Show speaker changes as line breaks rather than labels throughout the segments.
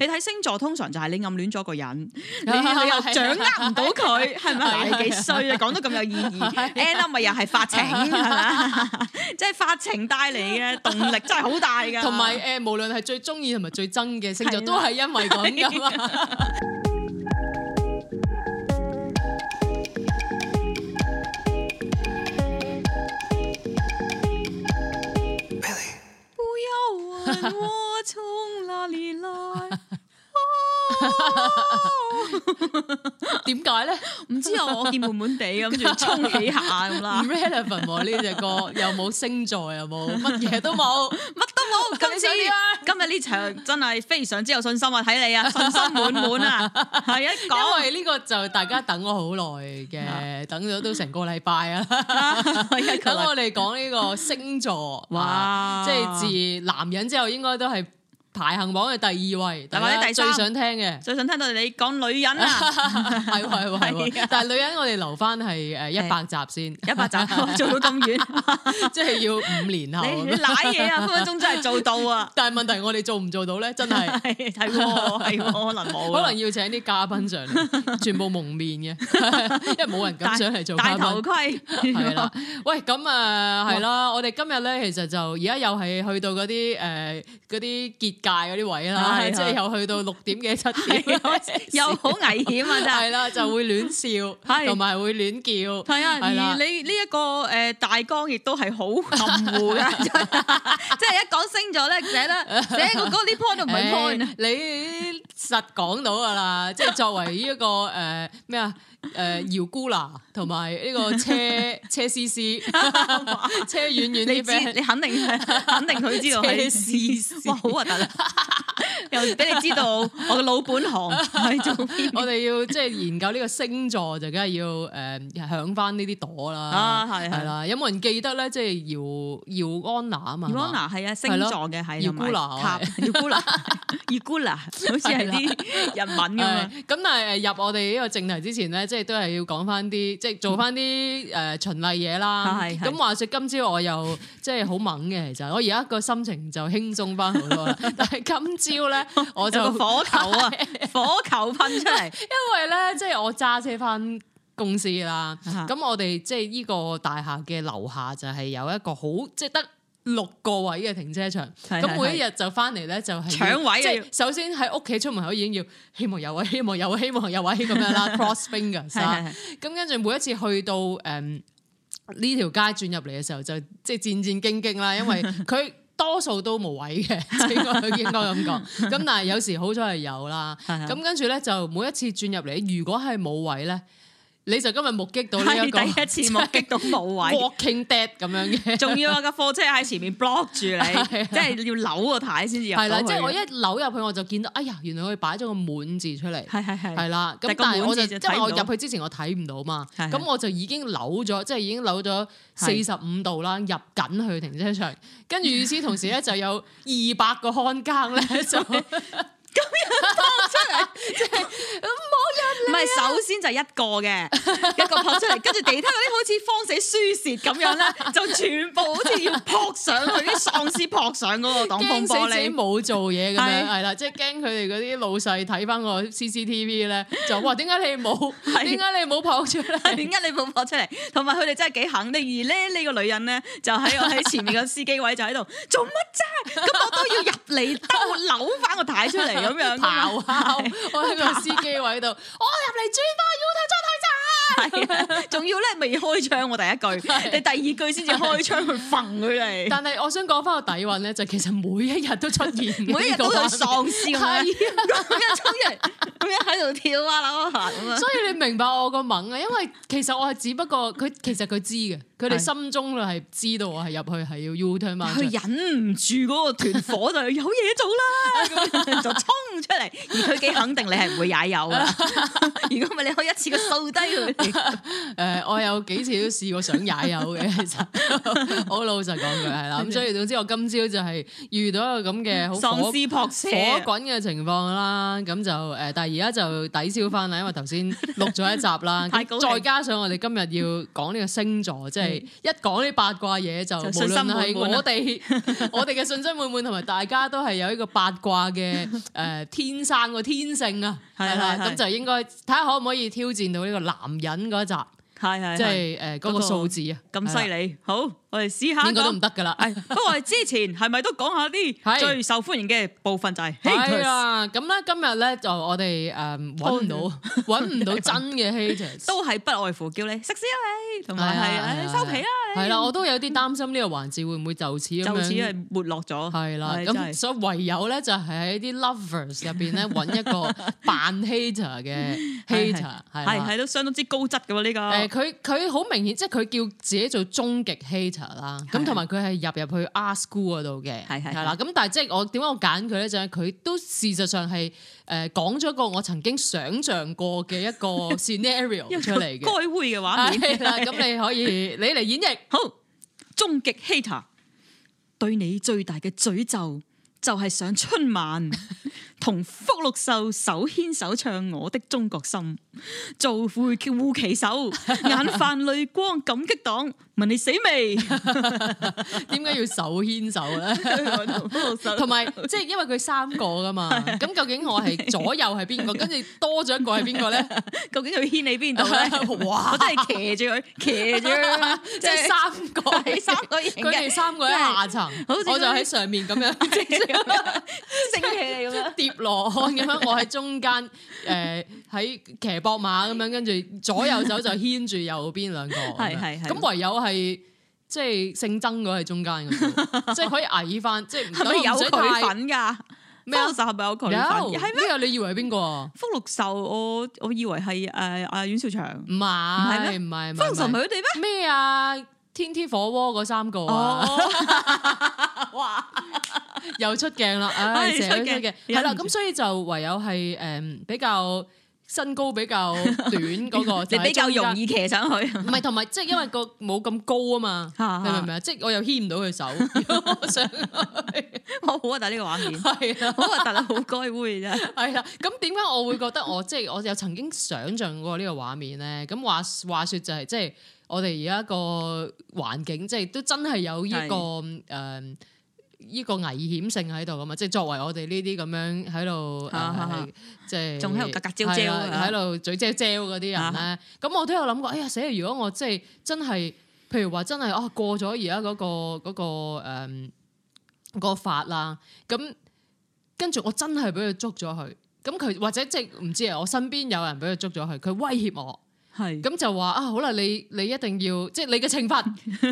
你睇星座通常就係你暗戀咗個人，你又掌握唔到佢，係咪？你幾衰啊！
講得咁有意義，end up 咪又係發情，即係發情帶嚟嘅動力真係好大噶。同埋誒，無論係最中意同埋最憎嘅星座，都係因為咁啊。
不要問我從哪裡來。點解咧？唔 知啊！我見悶悶地咁，跟住衝起下咁啦。唔 relevant 喎、 啊，呢隻歌
又冇星座，又
冇乜嘢都冇，乜 都冇。今次 今日呢場真係非常之有信心
啊！睇你啊，信心滿滿啊！係啊，因為呢個就大家等咗好耐嘅， 等咗都成個禮拜啊！等 我哋講呢個星座哇，即係自男人之後應該都係。排行榜嘅第二位，或者第二最想聽嘅，最想聽到你講女人啊！係喎，係喎，但係女人我哋留翻係誒一百集先，一百集做到咁遠，即係要五年後。你攋嘢啊！分分鐘真係做到啊！但係問題我哋做唔做到咧？真係係喎，係喎，可能冇，可能要請啲嘉賓上嚟，全部蒙面嘅，因為冇人敢上嚟做嘉賓。戴頭盔係啦，喂咁誒係啦，我哋今日咧其實就而家又係去到嗰啲誒嗰啲結。大嗰啲位啦，啊啊、即係又去到六點幾七點，啊、又好危險啊！真係係啦，就會亂笑，同埋、啊、會亂叫。係啦、啊，而、啊、你
呢 一,一個誒大綱亦都係好含糊嘅，即係一講星座咧，寫得寫嗰嗰啲 point 都唔係 point。
你實講到噶啦，即係作為、這個呃、呢一個誒咩啊？誒，姚菇娜同埋呢個車車思思，車軟軟，你你肯定肯定佢知道，車思思，哇，好核突啊！又俾你知道我嘅老本行，做，我哋要即係研究呢個星座就梗係要誒響翻呢啲朵啦，係係啦，有冇人記得咧？即係姚姚安娜啊嘛，姚安娜係啊，星座嘅係，姚菇娜，姚菇娜，姚菇娜，好似係啲日文咁啊！咁但係入我哋呢個正題之前咧。即係都係要講翻啲，即係做翻啲誒循例嘢啦。咁 話說今朝我又即係好猛嘅，其實我而家個心情就輕鬆翻好多啦。 但係今朝咧， 我就火球啊， 火球噴出嚟，因為咧即係我揸車翻公司啦。咁 我哋即係呢個大廈嘅樓下就係有一個好即係得。六個位嘅停車場，咁每一日就翻嚟咧，就係搶位，即係首先喺屋企出門口已經要希望有位，啊，希望有位，啊，希望有位，啊，咁，啊、 樣啦。Cross fingers，咁跟住每一次去到誒呢，um, 條街轉入嚟嘅時候就即係戰戰兢兢啦，因為佢多數都冇位嘅， 應該咁講。咁但係有時好彩係有啦，咁跟住咧就每一次轉入嚟，如果係冇位咧。你就今日目擊到呢一個，第一次目擊到冇位，walking dead 咁樣嘅，仲要
有架貨車喺前面 block 住你，即係
要扭個軚先至係啦，即係我一扭入去，我就見到，哎呀，原來佢擺咗個滿字出嚟。係係啦。咁但係我就即係我入去之前我睇唔到嘛，咁我就已經扭咗，即係已經扭咗四十五度啦，入緊去停車場。跟住與此同時咧，就有二百個看更咧。咁 樣撲出嚟，即係冇人、啊。唔係，首先就一個嘅，一個撲出嚟，跟住其
他嗰啲好似方死輸蝕咁樣咧，就全部好似要撲上，去啲喪屍
撲上嗰個擋風玻璃，冇做嘢咁樣，係啦是，即係驚佢哋嗰啲老細睇翻個 CCTV 咧，就話點解你冇？點解是你冇撲出嚟？
點解你冇撲出嚟？同埋佢哋真係幾肯定。而咧呢個女人咧，就喺我喺前面個司機位就喺度做乜啫？咁我都要入嚟兜扭翻個太出嚟。咁樣跑啊，我喺個司
機位度，我入嚟轉吧，要睇裝睇站，
仲要咧未開槍。我第一句，你第二句先至開槍去馴佢哋。但
係我想講翻個底蘊咧，就其實每一日都出現，每一日都有喪屍咁樣衝入，咁樣喺度跳啊扭啊行啊。所以你明白我個猛啊？因為其實我係只不過佢，其實佢知嘅。佢哋心中就係知道我係入去係要 ultra 慢速，佢忍唔住嗰個團火就有嘢做啦，就衝出嚟。
而佢幾肯定你係唔會踩油嘅，如果唔係你可以一次過掃低
佢。誒，我有幾次都試過想踩油嘅，其實好老實講句係啦。咁所以總之我今朝就係遇到一個咁嘅好喪屍駁車火滾嘅情況啦。咁就誒，但係而家就抵消翻啦，因為頭先錄咗一集啦，再加上我哋今日要講呢個星座，即係。一講呢八卦嘢就，無論係我哋我哋嘅信心滿滿，同埋 大家都係有一個八卦嘅誒、呃、天生個天性啊，係啦，咁就應該睇下可唔可以挑戰到呢個男人嗰一集，係係即係誒嗰個數字啊，咁犀利，吧好。我哋試下，應該都唔得噶啦。
不過我哋之前係咪都講下啲最受歡迎嘅部分就係 hater 啊，
咁咧今日咧就我哋誒搵唔到，搵唔到真嘅 hater，都係不外乎叫你食屎啊你，同埋係收皮啦。係啦，我都有啲擔心呢個環節會唔會就此咁樣就此係沒落咗。係啦，咁所以唯有咧就係喺啲 lovers 入邊咧搵一個扮 hater 嘅 hater，係係
都相當之高質噶喎呢個。誒，佢
佢好明顯，即係佢叫自己做終極 hater。啦，咁同埋佢係入入去 R School 嗰度嘅，係係啦，咁的但係即係我點解我揀佢咧？就係佢都事實上係誒講咗個我曾經想象過嘅一個 scenario 出嚟嘅，該 會嘅畫面啦。咁的的你可以 你嚟演繹，好終極 hater，
對你最大嘅詛咒就係上春晚。 同福祿壽手牽手唱我的中國心，做會叫護旗手，
眼泛淚光感激黨。問你死未？點解要手牽手咧？同埋即係因為佢三個噶嘛，咁究竟我係左右係邊個？跟住多咗一個係邊個咧？究竟佢牽你邊度咧？哇！我真係騎住佢，騎住即係三個，三個，佢哋三個喺下層，我就喺上面咁樣升起嚟咁樣。羅漢咁樣，我喺中間，誒喺騎膊馬咁樣，跟住左右走，就牽住右邊兩個，係係。咁唯有係即係姓曾嗰喺中間嘅，即係可以挨翻，即係唔可以有佢份噶。福祿壽係咪有佢份？係咩？你以為係邊個？福祿壽，我我以為係誒阿阮兆祥，唔係唔係唔係福祿壽唔係佢哋咩？咩啊？天天火鍋嗰三個啊，哇，又出鏡啦，唉、 哎，成日出鏡，係啦，咁所以就唯有係誒比較身高比較短嗰個， 你比較容易騎上去。唔係，同埋即係因為個冇咁高啊嘛，你明唔明啊？即係我又牽唔到佢手，我 好核突呢個畫面， 好核突啊，好怪異啊。係啦，咁點解我會覺得我即係我有曾經想像過呢個畫面咧？咁話話説就係即係我哋而家個環境，即係都真係有呢個誒。的呢個危險性喺度㗎嘛，即係作為我哋呢啲咁樣喺度，即係仲喺度格格焦焦，喺度嘴遮遮嗰啲人咧。咁、啊、我都有諗過，哎呀死！如果我即係真係，譬如話真係啊過咗而家嗰個嗰、嗰個呃嗰個法啦，咁跟住我真係俾佢捉咗佢。咁佢或者即係唔知啊，我身邊有人俾佢捉咗佢，佢威脅我。係咁就話啊，好啦，你你一定要，即係你嘅懲罰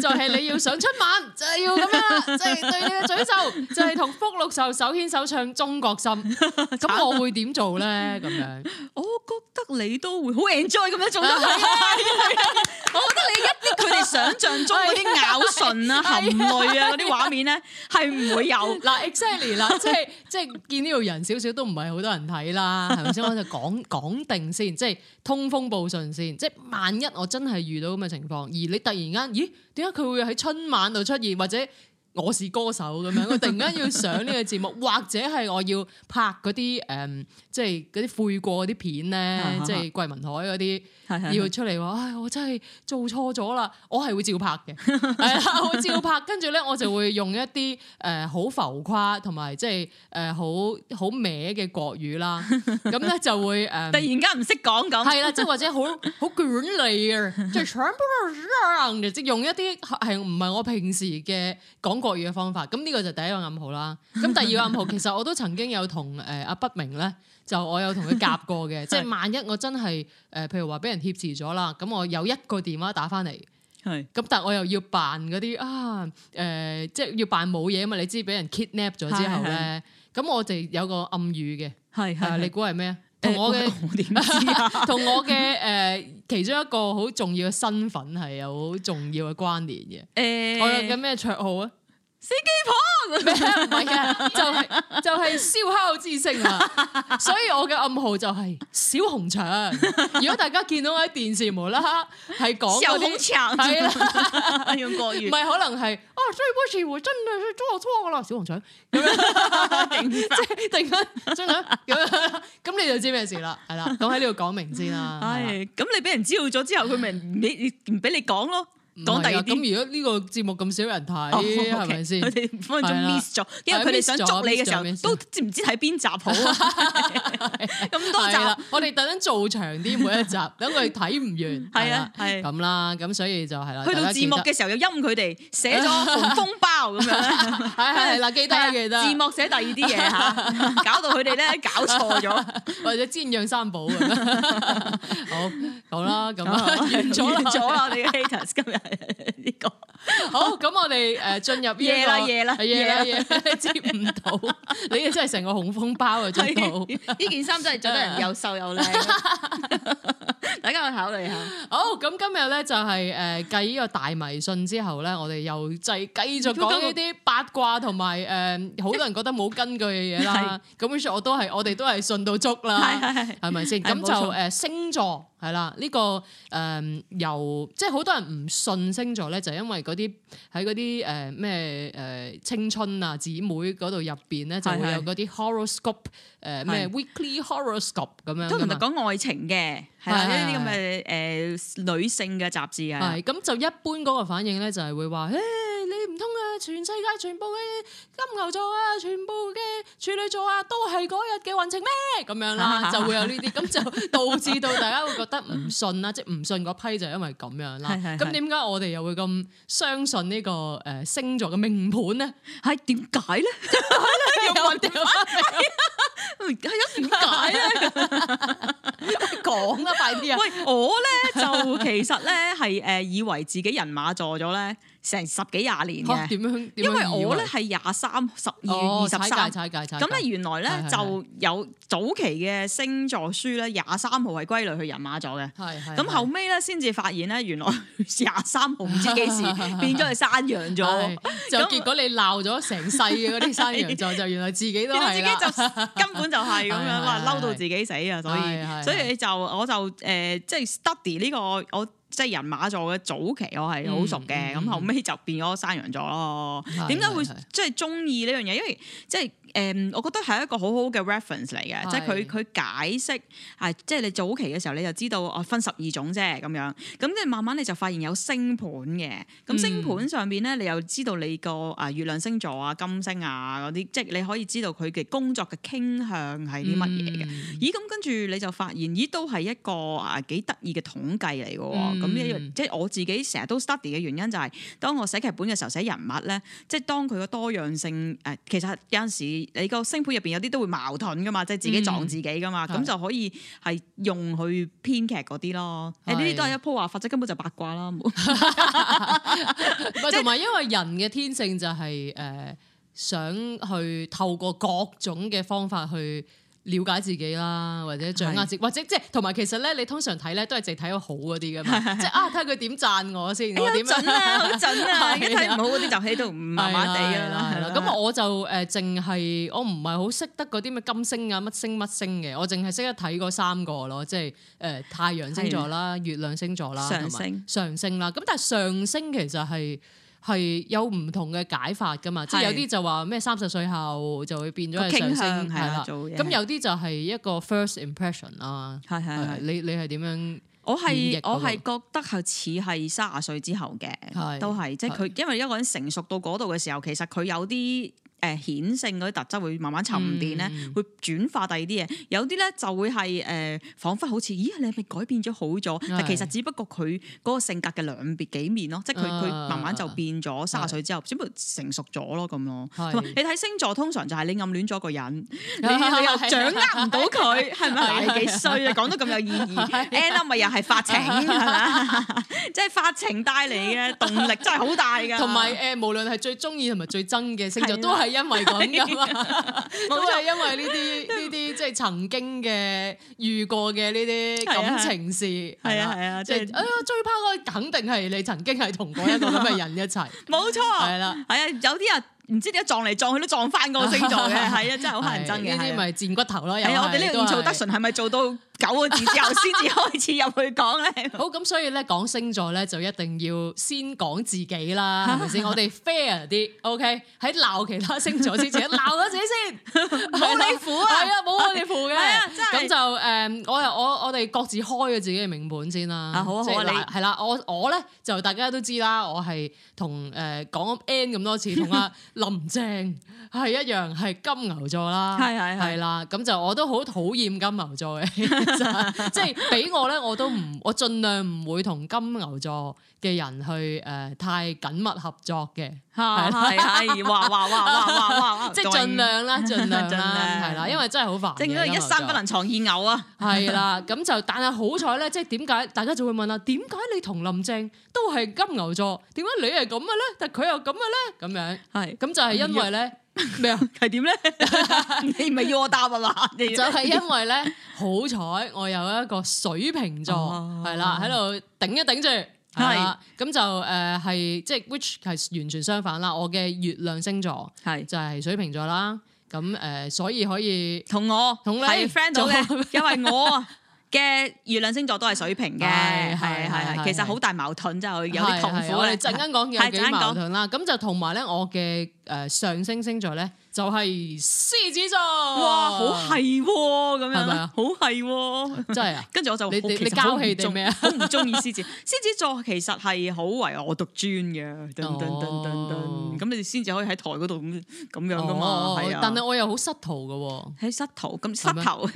就係你要上春晚，就係要咁樣，即係對你嘅詛咒，就係同福禄壽手牽手唱中國心。咁我會點做咧？
咁樣，我
覺得你都會好 enjoy 咁樣做咯。
我覺得你一啲佢哋想象中嗰啲咬唇啊、含淚啊嗰啲畫面咧，係唔會有。嗱，exactly 啦，即係即
係見呢度人少少都唔係好多人睇啦，係咪先？我就講講定先，即係。通風報信先，即係萬一我真係遇到咁嘅情況，而你突然間，咦？點解佢會喺春晚度出現，或者我是歌手咁樣？我突然間要上呢個節目， 或者係我要拍嗰啲誒，呃即係嗰啲悔過啲片咧，即係桂民海嗰啲要出嚟話，唉，我真係做錯咗啦，我係會照拍嘅，係啦，會照拍。跟住咧，我就會用一啲誒好浮誇同埋即係誒好好歪嘅國語啦。咁咧就會誒突然間唔識講講，係啦，即係或者好好捲脷啊，即用一啲係唔係我平時嘅講國語嘅方法。咁呢個就第一個暗號啦。咁第二個暗號其實我都曾經有同誒阿畢明咧。就我有同佢夾過嘅， 是即係萬一我真係誒、呃，譬如話俾人挾持咗啦，咁我有一個電話打翻嚟，係咁是，但係我又要扮嗰啲啊誒、呃，即係要扮冇嘢啊嘛！你知俾人 kidnap 咗之後咧，咁是我就有個暗語嘅，係係、呃，你估係咩？同我嘅同、呃、我嘅誒、 呃，其中一個好重要嘅身份係有好重要嘅關聯嘅。誒、呃，我有嘅咩綽號啊？死雞婆，唔係嘅，就係、是、就係、是、燒烤之星啊！所以我嘅暗號就係小紅腸。 如果大家見到喺電視無啦啦係講小紅腸，係啦的用國語，唔係 可能係哦，追波前回真係做錯噶啦小紅腸咁樣， 害 即係突然間追兩咁樣，咁 你就知咩事啦？係啦，咁喺呢度講明先啦。係咁，你俾人知道咗之後，佢咪唔俾唔俾你講咯？ 唔係啊！講第二啲，咁如果呢個節目咁少人睇，係咪先？佢哋唔方中 miss 咗，因為佢哋想捉你嘅時候都知唔知睇邊集好？
咁多集，
我哋等陣做長啲每一集，等佢哋睇唔完。係啊，係咁啦，咁所以就係啦。去到字幕嘅
時候又陰佢哋，寫咗封包咁
樣。係係，記得記得字幕寫第二啲嘢吓，搞到佢哋咧搞錯咗，或者煎釀三寶啊！好好啦，咁完咗啦，我哋嘅 haters 今日。呢 個好咁，我哋誒進入呢、這個，夜啦夜啦夜啦了夜接唔到，了了 你哋真係成個紅風包啊！接到呢件衫真係著得人又瘦又靚，大家去考慮下。好咁，今日咧就係誒繼呢個大迷信之後咧，我哋又繼繼續講呢啲八卦同埋誒，好多人覺得冇根據嘅嘢啦。咁所以我都係，我哋都係信到足啦，係咪先？咁就誒星座。係啦，呢、這個誒、呃、由即係好多人唔信星座咧，就是、因為嗰啲喺嗰啲誒咩誒青春啊姊妹嗰度入邊咧，就會有嗰啲 horoscope 誒、呃、咩的 weekly horoscope 咁樣，都常就講愛情嘅。係呢啲咁嘅誒女性嘅雜誌啊，係咁就一般嗰個反應咧，就係、係、會話誒你唔通啊，欸、全世界全部嘅金牛座啊，全部嘅處女座啊，都係嗰日嘅運程咩？咁樣啦，就會有呢啲，咁 就導致到大家會覺得唔信啦，即係唔信嗰批就係因為咁樣啦。咁點解我哋又會咁相信呢個誒星座嘅命盤咧？係點解咧？有問題？係點解
咧？講啊！ 快啲啊！ 喂，我咧就其實咧係誒以為自己人馬座咗咧。成十幾廿年
嘅，因為我咧係
廿三十二月二十三，咁咧原來咧就有早期嘅星座書咧，廿三號係歸類去人馬座嘅。咁後尾咧先至發現咧，原來廿三號唔知幾時變咗係山羊座，咁結
果你鬧咗成世嘅嗰啲山羊座，就原來自己都自己就根本就係咁樣嘛，嬲
到自己死啊！所以所以你就我就誒，即係 study 呢個我。即係人馬座嘅早期我，我係好熟嘅，咁、嗯、後尾就變咗山羊座咯。點解的會即係鍾意呢樣嘢？因為即係。就是誒、嗯，我覺得係一個好好嘅 reference 嚟嘅是，即係佢佢解釋啊，即係你早期嘅時候你就知道哦、啊，分十二種啫咁樣，咁即係慢慢你就發現有星盤嘅，咁星盤上邊咧、嗯、你又知道你個啊月亮星座啊金星啊嗰啲，即係你可以知道佢嘅工作嘅傾向係啲乜嘢嘅。嗯、咦？咁跟住你就發現咦都係一個啊幾得意嘅統計嚟嘅喎，咁樣即係我自己成日都 study 嘅原因就係、是、當我寫劇本嘅時候寫人物咧，即係當佢嘅多樣性誒，其實有陣時。你個星盤入邊有啲都會矛盾噶嘛，即係自己撞自己噶嘛，咁、嗯、就可以係用去編劇嗰啲咯。誒是，呢啲都係一鋪話法，即根本就八
卦啦。唔同埋，因為人嘅天性就係、是、誒、呃，想去透過各種嘅方法去。了解自己啦，或者掌握自己，是或者即係同埋，其實咧你通常睇咧都係淨睇個好嗰啲嘅嘛，即係的啊睇下佢點讚我先，哎、呀我點啊好準啊，準啊的好一睇唔好嗰啲就喺度唔麻麻地噶啦。咁我就誒淨係我唔係好識得嗰啲咩金星啊乜星乜星嘅，我淨係識得睇嗰三個咯，即係誒、呃、太陽星座啦、的月亮星座啦、上升上升啦。咁但係上升其實係。係有唔同嘅解法㗎嘛，係，即係有啲就話咩三十歲後就會變咗係上升，係啦。做嘢。咁有啲就係一個 first impression 啦。係係係，你你係點樣，那個我？我係我係覺得係
似係卅歲之後嘅，都係即係佢因為一個人成熟到嗰度嘅時候，其實佢有啲。誒顯性嗰啲特質會慢慢沉澱咧，會轉化第二啲嘢。有啲咧就會係誒，彷彿好似，咦？你係咪改變咗好咗？但其實只不過佢嗰個性格嘅兩邊幾面咯，即係佢佢慢慢就變咗。卅歲之後，只不過成熟咗咯，咁咯。同埋你睇星座，通常就係你暗戀咗個人，你你又掌握唔到佢，係咪？你幾衰啊？
講得咁有意義。N 咪又係發情，係嘛？
即係發情
帶嚟嘅動力真係好大㗎。同埋誒，無論係最中意同埋最憎嘅星座，都係。係因為咁㗎嘛，錯都係因為呢啲呢啲即係曾經嘅遇過嘅呢啲感情事。係啊係啊，即係哎呀最怕嗰個，肯定係你曾經係同嗰一個咁嘅人一齊。
冇錯，係啦，係啊，有啲人。唔知點解撞嚟撞去都撞翻個星座嘅。係啊，真係好乞人憎嘅。呢啲咪賤骨頭咯，係啊，我哋呢啲唔做得順，係咪做到
九個字之後先至開始入去講咧？好，咁，所以咧講星座咧，就一定要先講自己啦，係咪先？我哋 fair 啲，OK，喺鬧其他星座之前，鬧我自己先，冇你苦啊，係啊，冇我哋苦嘅。咁就誒，我我我哋各自開咗自己嘅命盤先啦。好，即係嗱，係啦，我我咧就大家都知啦，我係同誒講 N 咁多次，同阿。林鄭係一樣係金牛座係係係啦，係係係啦，咁就我都好討厭金牛座嘅，即係俾我咧我都唔，我盡量唔會同金牛座。嘅人去誒太緊密合作嘅，係啊，而哇哇哇哇哇哇，即係盡量啦，盡量啦，係啦，因為真係好煩。正所謂一山不能藏二牛啊，係啦，咁就但係好彩咧，即係點解大家就會問啊？點解你同林鄭都係金牛座？點解你係咁嘅咧？但係佢又咁嘅咧？咁樣係咁就係因為咧咩啊？係點咧？你唔係要我答啊嘛？就係因為咧，好彩我有一個水瓶座係啦，喺度頂一頂住。係咁就誒係即係 which 係完全相反啦。我嘅月亮星座係就係水瓶座啦，咁誒所以可以同我同你 friend 到，
因為我嘅月亮星座都係水瓶嘅，係係係，的的其實好大矛盾，就的有啲痛苦啦。係啊，我哋陣間講有幾矛盾
啦。咁就同埋咧，我嘅誒上升星座咧。就係獅子座，哇，好係咁樣，好係，真係啊！跟住我就你你交氣定做咩啊？好唔中意獅子，獅子座
其實係好為我獨尊嘅，噔咁你哋先至可以喺台嗰度咁咁樣噶嘛，係啊！但係
我又好失途嘅喎，係失途，咁失我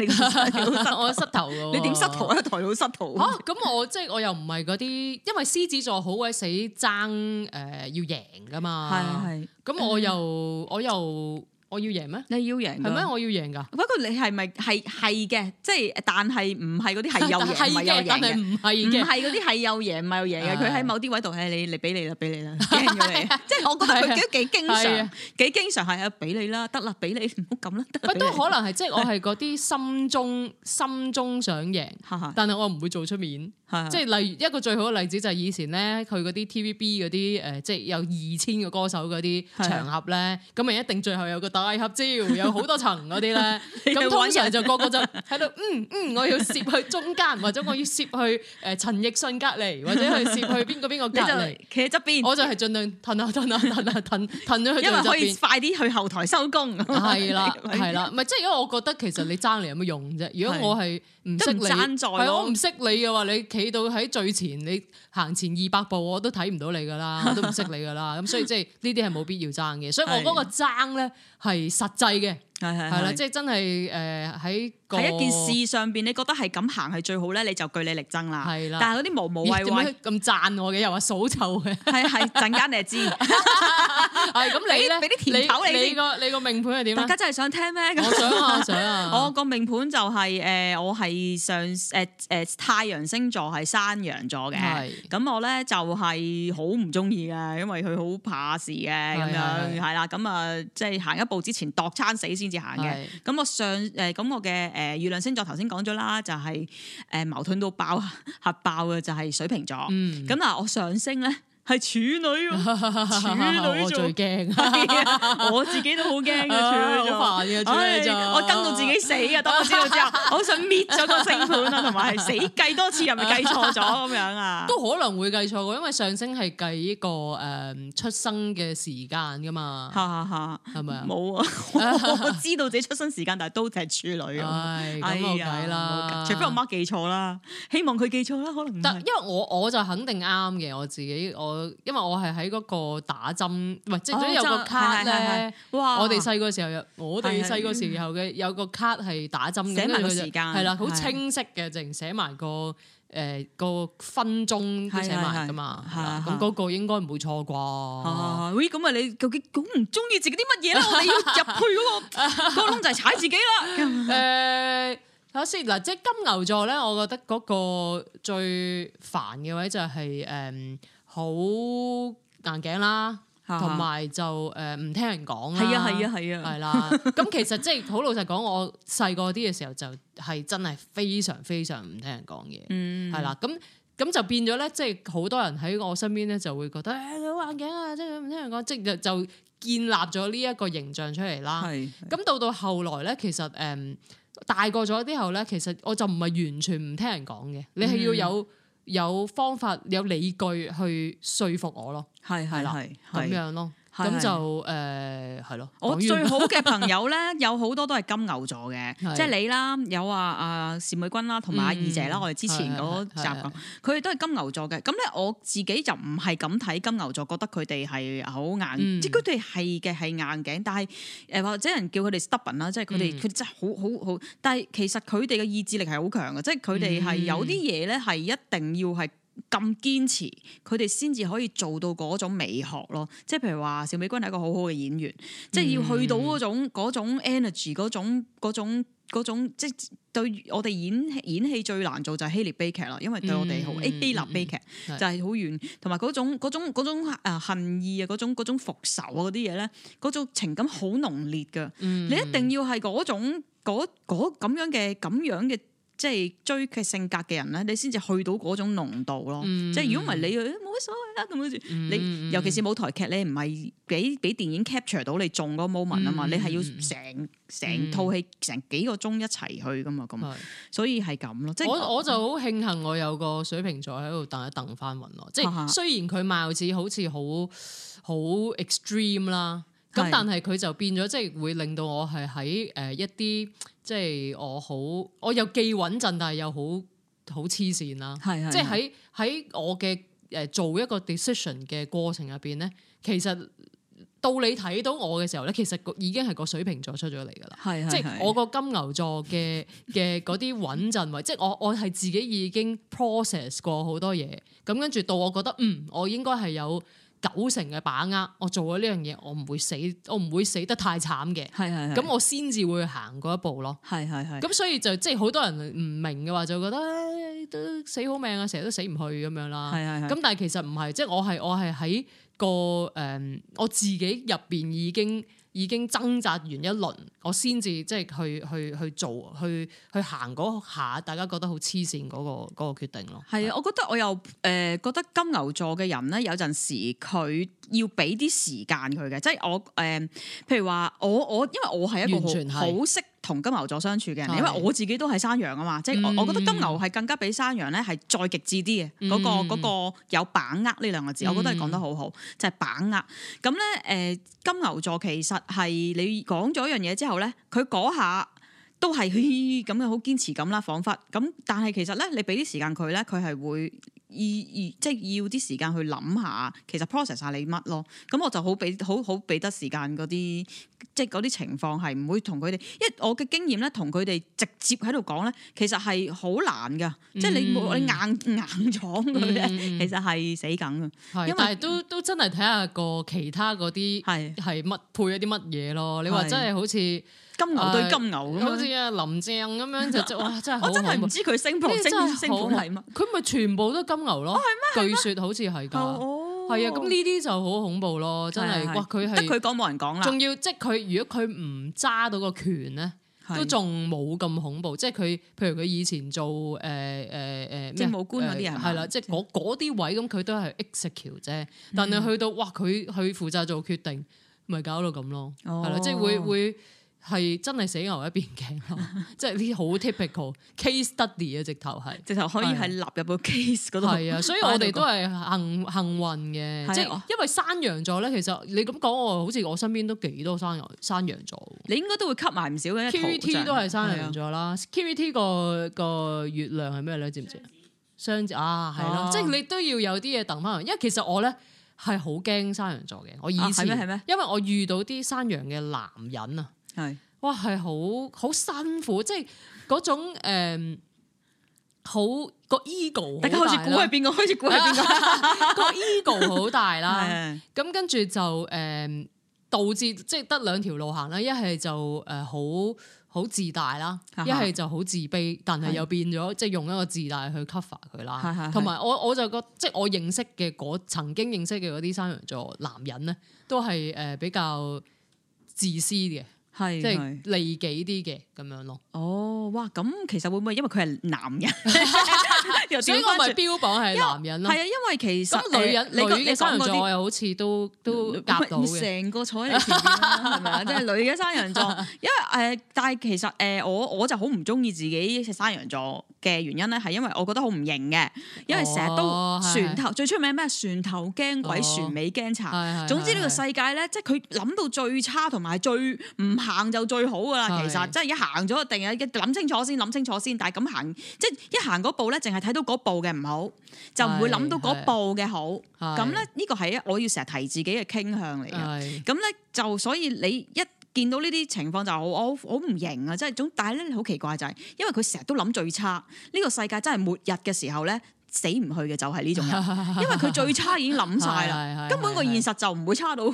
失途嘅你點失途啊？台度失途嚇，咁我即係我又唔係嗰啲，因為獅子座好鬼死爭誒要贏㗎嘛，係咁我又我又。我要贏咩？你要贏係咩？我要贏噶。不過你係咪係係嘅？
即係但係唔係嗰啲係有贏唔係有贏嘅？唔係唔係嗰啲係有贏唔係有贏嘅？佢喺某啲位度係你嚟俾你啦，俾你啦，驚咗你，即係我覺得佢都幾經常，幾經常係啊，俾你啦，得啦，俾你唔好咁啦，得。不都可能係即係我係
嗰啲心中心中想贏，但係我唔會做出面。即係例如一個最好嘅例子就係以前咧，佢嗰啲 TVB 嗰啲，誒，即、呃、係有二千個歌手嗰啲場合咧，咁咪一定最後有個大合照，有好多層嗰啲咧，咁通常就，就，Digital, 就個個就喺度、嗯，嗯嗯，我要攝去中間，或者我要攝去誒陳奕迅隔籬，呃、或者去攝去邊個邊個隔籬，企喺側邊，我就係盡量褪啊褪啊褪啊褪，褪咗去。因為可以快啲去後台收工。係啦係啦，唔係即係因為我覺得其實你爭嚟有乜用啫？如果我係。唔識你係我唔識你嘅話，你企到喺最前，你行前二百步我都睇唔到你噶啦，我都唔識你噶啦。咁 所以即係呢啲係冇必要爭嘅。所以我嗰個爭咧係實際嘅。係係係啦，即係真係誒喺喺一件事
上邊，你覺得係咁行係最好咧，你就據理力爭啦。係啦，但係嗰啲無無謂謂
咁讚我嘅，又話數臭嘅，係係陣間你就知。係咁，你咧俾啲甜頭你。你個你個命盤係點？大家真係想聽咩？我想，我想。我
個命盤就係誒，我係上誒誒太陽星座係山羊座嘅，咁我咧就係好唔中意嘅，因為佢好怕事嘅咁樣，係啦，咁啊即係行一步之前度餐死先。自行嘅，咁我上誒，咁我嘅誒、呃，月亮星座頭先講咗啦，就係、是、誒、呃、矛盾到爆 核爆嘅，就係水瓶座。咁嗱、嗯，我上升咧。係處女喎，處女最驚，我自己都好驚嘅處女好煩啊，我跟到自己死啊！當我知道之後，我想好搣咗個星盤啊，同埋係死
計多次，又咪計錯咗咁樣啊？都可能會計錯，因為上升係計呢個誒出生嘅時間噶嘛，係咪啊？冇啊，我知道自己出生時間，但係都淨係處女。唉，
咁又啦，除非我
媽記錯啦，希望佢記錯啦，可能。但係因為我我就肯定啱嘅，我自己我。因為我係喺嗰個打針，唔係即係都有個卡咧、哦。哇！我哋細個時候，我哋細個時候嘅有個卡係打針，嘅的。寫埋個時間係啦，好清晰嘅，仲寫埋個誒、呃、個分鐘都寫埋噶嘛。咁嗰個應該唔會錯啩？喂，咁啊，你、 哎、究竟咁唔中意自己
啲乜嘢咧？ 我哋要入去嗰個個窿就踩自己啦。誒、 呃，
睇下先嗱，即係金牛座咧，我覺得嗰個最煩嘅位就係、是、誒。嗯好硬頸啦，同埋，啊，就誒，唔聽人講啦。係啊係啊係啊，係啦。咁其實即係好老實講，我細個啲嘅時候就係真係非常非常唔聽人講嘢，係啦，嗯。咁咁就變咗咧，即係好多人喺我身邊咧就會覺得誒，嗯哎，佢好硬頸啊，即係佢唔聽人講，即、就、係、是，就建立咗呢一個形象出嚟啦。係咁到到後來咧，其實誒，嗯，大個咗之後咧，其實我就唔係完全唔聽人講嘅，你係要有。嗯有方法有理據去說服我咯，係係啦，咁樣咯。咁就誒係咯，呃、我最好嘅朋
友咧， 有好多都係金牛座嘅，是即係你啦，有啊啊馮美君啦，同埋阿二姐啦，嗯、我哋之前嗰集佢哋都係金牛座嘅。咁咧我自己就唔係咁睇金牛座，覺得佢哋係好硬，嗯、即係佢哋係嘅係硬頸。但係誒或者人叫佢哋 stubborn 啦，即係佢哋佢真係好好好。但係其實佢哋嘅意志力係好強嘅，即係佢哋係有啲嘢咧係一定要係咁堅持，佢哋先至可以做到嗰種美學咯。即係譬如話，邵美君係一個好好嘅演員，即係要去到嗰種 energy，嗰種嗰種即係對我哋演演戲最難做就係希臘悲劇啦。因為對我哋好，誒希臘悲劇就係好遠，同埋嗰種嗰種嗰種恨意啊，嗰種嗰種復仇啊嗰啲嘢咧，嗰種情感好濃烈嘅。你一定要係嗰種嗰嗰咁樣嘅咁樣嘅。即係追劇性格嘅人咧，你先至去到嗰種濃度咯。嗯、即係如果唔係你，冇乜所謂啦咁樣。你尤其是舞台劇，你唔係俾俾電影 capture 到你中嗰 moment 啊嘛。嗯、你係要成成套戲成幾個鐘一齊去噶嘛咁。
所以係咁咯。是即係是我我就好慶幸我有個水瓶座喺度等一等翻運咯。即係雖然佢貌似好似好好 extreme 啦。咁但係佢就變咗，即係會令到我係喺誒一啲，即係我好，我又既穩陣，但係又好好黐線啦。係即係喺喺我嘅誒做一個 decision 嘅過程入邊咧，其實到你睇到我嘅時候咧，其實已經係個水瓶座出咗嚟噶啦。係即係我個金牛座嘅嘅嗰啲穩陣位，即係我我係自己已經 process 過好多嘢，咁跟住到我覺得嗯，我應該係有。九成嘅把握，我做咗呢樣嘢，我唔會死，我唔會死得太慘嘅。係係咁我先至會行嗰一步咯。係係係。咁所以就即係好多人唔明嘅話，就覺得，唉，都死好命啊，成日都死唔去咁樣啦。係係咁但係其實唔係，即係我係我係喺個誒、呃、我自己入邊已經。已經掙扎完一輪，我先至即係去去去做，去去行嗰下，大家覺得好黐線嗰個嗰、嗰個、決定咯。
係啊，我覺得我又誒、呃、覺得金牛座嘅人咧，有陣時佢要俾啲時間佢嘅，即係我誒、呃，譬如話我我，因為我係一個好識同金牛座相處嘅人，因為我自己都係山羊啊嘛，嗯、即係我我覺得金牛係更加比山羊咧係再極致啲嘅嗰個嗰個有把握呢兩個字，我覺得係講得好好，嗯、就係把握。咁咧誒，金牛座其實係你講咗一樣嘢之後咧，佢嗰下都係嘻嘻咁樣好堅持咁啦，彷彿咁，但係其實咧，你俾啲時間佢咧，佢係會。即要即係要啲時間去諗下，其實 process 下你乜咯，咁我就好俾好好俾得時間嗰啲，即係嗰啲情況係唔會同佢哋，因為我嘅經驗咧，同佢哋直接喺度講咧，
其實係好難噶，嗯、即係你你硬
硬闖佢咧，嗯、其實
係死梗噶，是因為為都都真係睇下個其他嗰啲係係乜配一啲乜嘢咯，是你話真係好似。金牛對金牛，好似啊林鄭咁樣，就哇真係好恐怖。我真係唔知佢升部升升部係嘛？佢咪全部都金牛咯？係咩？據說好似係噶，係啊。咁呢啲就好恐怖咯，真係。哇！佢係得佢講冇人講啦。仲要即係佢，如果佢唔揸到個權咧，都仲冇咁恐怖。即係佢，譬如佢以前做誒誒誒咩政務官嗰啲人，係啦，即係嗰啲位咁，佢都係 executive 啫。但係去到哇，佢佢負責做決定，咪搞到咁咯。係啦，即係會會。係真係死牛一邊頸，即係啲好 typical case study 啊！直頭係直頭可以係納入個 case 嗰度。係啊，所以我哋都係幸幸運嘅，即係因為山羊座咧。其實你咁講，我好似我身邊都幾多山羊山羊座。你應該都會吸埋唔少嘅。Q V T 都係山羊座啦。Q V T 個個月亮係咩咧？知唔知雙子啊？係咯，即係你都要有啲嘢等翻嚟。因為其實我咧係好驚山羊座嘅。我以前係咩？係咩？因為我遇到啲山羊嘅男人啊。係，哇，係好好辛苦，即係嗰種誒、呃，好個 ego，大，大家好似估係邊個，開始估係邊個，個 ego 好大啦。咁 是的 跟住就誒、呃，導致即係得兩條路行啦。一係就誒，好好自大啦，一係就好自卑，但係又變咗是的 即係用一個自大去 cover 佢啦。同埋是的 我我就覺得，即係我認識嘅嗰曾經認識嘅嗰啲山羊座男人咧，都係誒比較自私嘅。係即係利己啲嘅咁樣咯。哦，哇，咁其實會
唔會因為佢係男人？所以我咪標榜係男人咯。係因為其實女人女嘅山羊座，我又好似都都夾到成個坐喺你前面係咪啊？即係女嘅山羊座，因為誒，但係其實誒，我我就好唔中意自己係山羊座嘅原因咧，係因為我覺得好唔型嘅，因為成日都船頭最出名咩？船頭驚鬼，船尾驚賊。係總之呢個世界咧，即係佢諗到最差同埋最唔合，行就最好噶啦，其實真係是一行咗一定啊，諗清楚先，諗清楚先。但係咁行，即係一行嗰步咧，淨係睇到嗰步嘅唔好，是就唔會諗到嗰步嘅好。咁咧是呢個係一我要成日提自己嘅傾向嚟嘅。咁咧是就所以你一見到呢啲情況就我我唔認啊！即係總，但係咧好奇怪就係、是，因為佢成日都諗最差呢、這個世界真係末日嘅時候咧。死唔去嘅就係呢種人，因為佢最差已經諗晒啦，根本個現實就唔會差到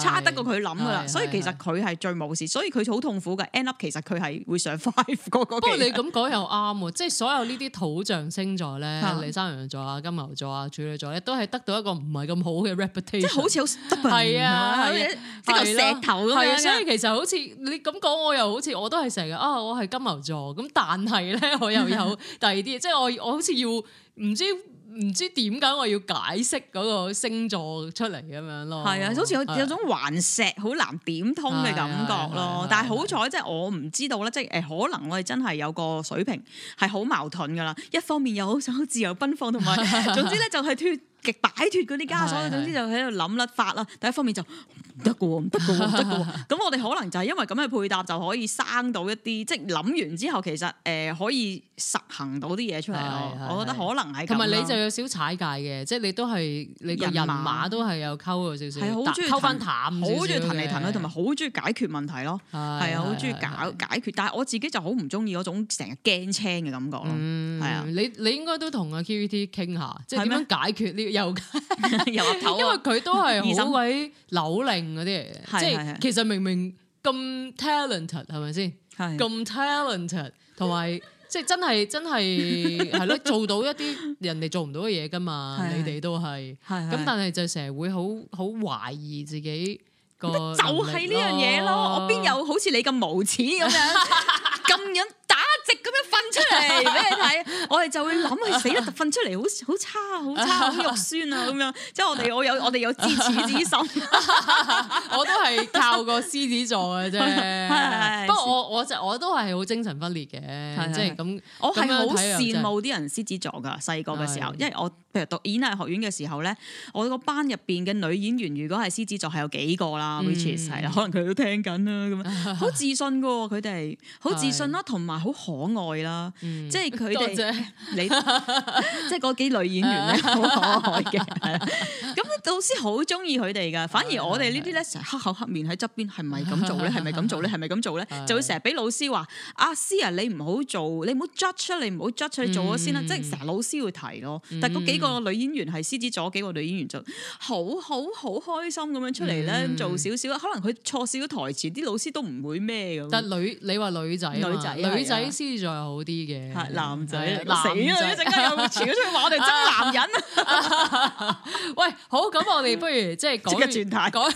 差得過佢諗噶啦，所以其實佢係最冇事，所以佢好痛苦嘅。end up 其實佢係會上 five 嗰個。不過你咁
講又啱，即係所有呢啲土象星座咧，你山羊座啊、金牛座啊、處女座咧，都係得到一個唔係咁好嘅 reputation，即係好似好 stubborn，係啊，似個石頭咁樣。所以其實好似你咁講，我又好似我都係成日啊，我係金牛座咁，但係咧我又有第二啲，即係我我好似要。唔知唔知點解我要解釋嗰個星座出嚟咁樣咯？係啊，好似有有種
頑石好難點通嘅感覺咯。啊啊啊、但係好彩，即係我唔知道咧，即係誒可能我哋真係有個水平係好矛盾噶啦。一方面又好想自由奔放，同埋總之咧就係脱極擺脱嗰啲枷鎖。總之就喺度諗甩法啦。第一方面就。得嘅喎，唔得嘅喎，得嘅喎。咁我哋可能就係因為咁嘅配搭就可以生到一啲，即係諗完之後其實誒可以
實行到啲嘢出嚟咯。我覺得可能係同埋你就有少踩界嘅，即係你都係你個人馬都係有溝嘅少少，好中意溝翻淡，好中意騰嚟騰去，同埋
好中意解決問題咯。係啊，好中意搞解決，但係我自己就好唔中意嗰種成日驚青
嘅感覺咯。係啊，你你應該都同阿 QVT 傾下，即係點樣解決呢？又，因為佢都係好鬼扭令。嗰啲嘢，是的 即係其實明明咁 talented 係咪先？係咁 talented，同埋即係真係真係係咯，做到一啲人哋做唔到嘅嘢噶嘛？是的 你哋都係，咁是的 但係就成日會好好懷疑自己個，就係呢樣嘢咯。我邊有好似你咁無恥咁
樣咁 樣打直。咁樣瞓出嚟俾你睇，我哋就會諗佢死啦，瞓出嚟好好差，好差，好肉酸啊，咁樣。即係我哋我有我哋有自恥之心，我都係靠個獅子座嘅啫。不過我
我就我都係好精神分裂嘅，即係咁。我係好羨慕
啲人獅子座噶細個嘅時候，因為我譬如讀演藝學院嘅時候咧，我個班入邊嘅女演員，如果係獅子座，係有幾個啦，Which is 係啦，可能佢都聽緊啦咁樣，好自信嘅喎，佢哋好自信啦，同埋好可愛愛啦， 即係佢哋，謝謝你 即係嗰幾女演員咧，好可愛嘅，係 咁老師好中意佢哋㗎，反而我哋呢啲咧成日黑口黑面喺側邊，係咪咁做咧？係咪咁做咧？係咪咁做咧？ 就會成日俾老師話：阿師啊，師你唔好做，你唔好 judge 你唔好 judge 啦，做咗先啦。即係成日老師會提咯。但嗰幾個女演員係獅子座，幾個女演員就好,好好好開心咁樣出嚟咧，做少少，可能佢錯少咗台
詞，啲老師都唔會咩咁。但係女，你話女仔，女仔，女仔先。座又好啲嘅，男仔，死啦，一陣間又傳出嚟話我哋憎男人。喂，好，咁我哋不如即係講個轉態，講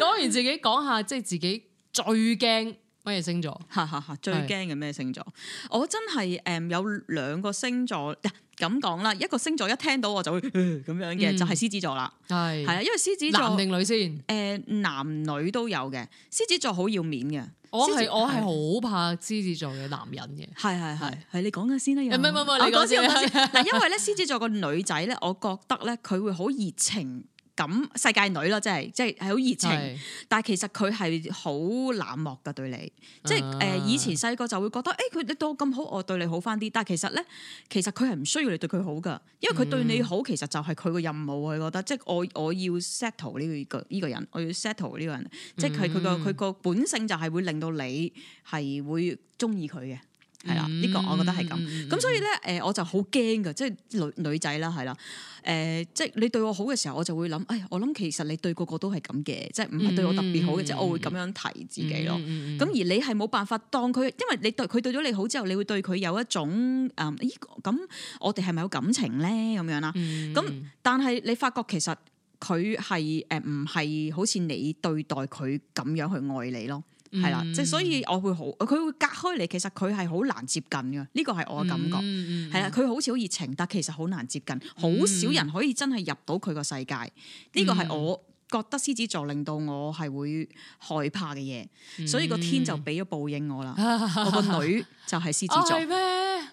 講完自己，講下即係自己最驚乜嘢星座？哈哈哈，最驚嘅咩星座？我真係
誒，有兩個星座，咁講啦，一個星座一聽到我就會咁樣嘅，就係獅子座啦。係係啊，因為獅子座，男定女先？誒，男女都有嘅，獅子座好要面嘅。我係，我係好怕獅子座嘅男人嘅，係係係，係的你講下先啦，唔係唔係唔係，你講先嗱，因為咧獅子座個女仔咧，我覺得咧佢會好熱情。咁世界女啦，即係即係係好熱情，是但係其實佢係好冷漠噶對你，啊、即係誒、呃、以前細個就會覺得誒佢、欸、你對我咁好，我對你好翻啲，但係其實咧，其實佢係唔需要你對佢好噶，因為佢對你好，嗯、其實就係佢個任務，佢覺得，即係我我要 settle 呢、呢個呢、呢個人，我要 settle 呢個人，嗯、即係佢佢個佢個本性就係會令到你係會中意佢嘅。係啦，呢、嗯、個我覺得係咁，咁、嗯、所以咧，誒、嗯呃，我就好驚噶，即係女女仔啦，係啦，誒、呃，即係你對我好嘅時候，我就會諗，哎，我諗其實你對個個都係咁嘅，嗯、即係唔係對我特別好嘅，即、嗯、我會咁樣提自己咯。咁、嗯嗯、而你係冇辦法當佢，因為你對佢對咗你好之後，你會對佢有一種誒，依、嗯、咁，咦我哋係咪有感情咧？咁樣啦，咁、嗯嗯、但係你發覺其實佢係誒唔係好似你對待佢咁樣去愛你咯。係啦，即、mm hmm. 所以我會好，佢會隔開你，其實佢係好難接近噶，呢個係我嘅感覺，係啦、mm，佢、hmm. 好似好熱情，但其實好難接近，好少人可以真係入到佢個世界，呢個係我。覺得獅子座令到我係會害怕嘅嘢。嗯、所以個天就俾咗報應我啦。 我個女就係獅子座。係咩？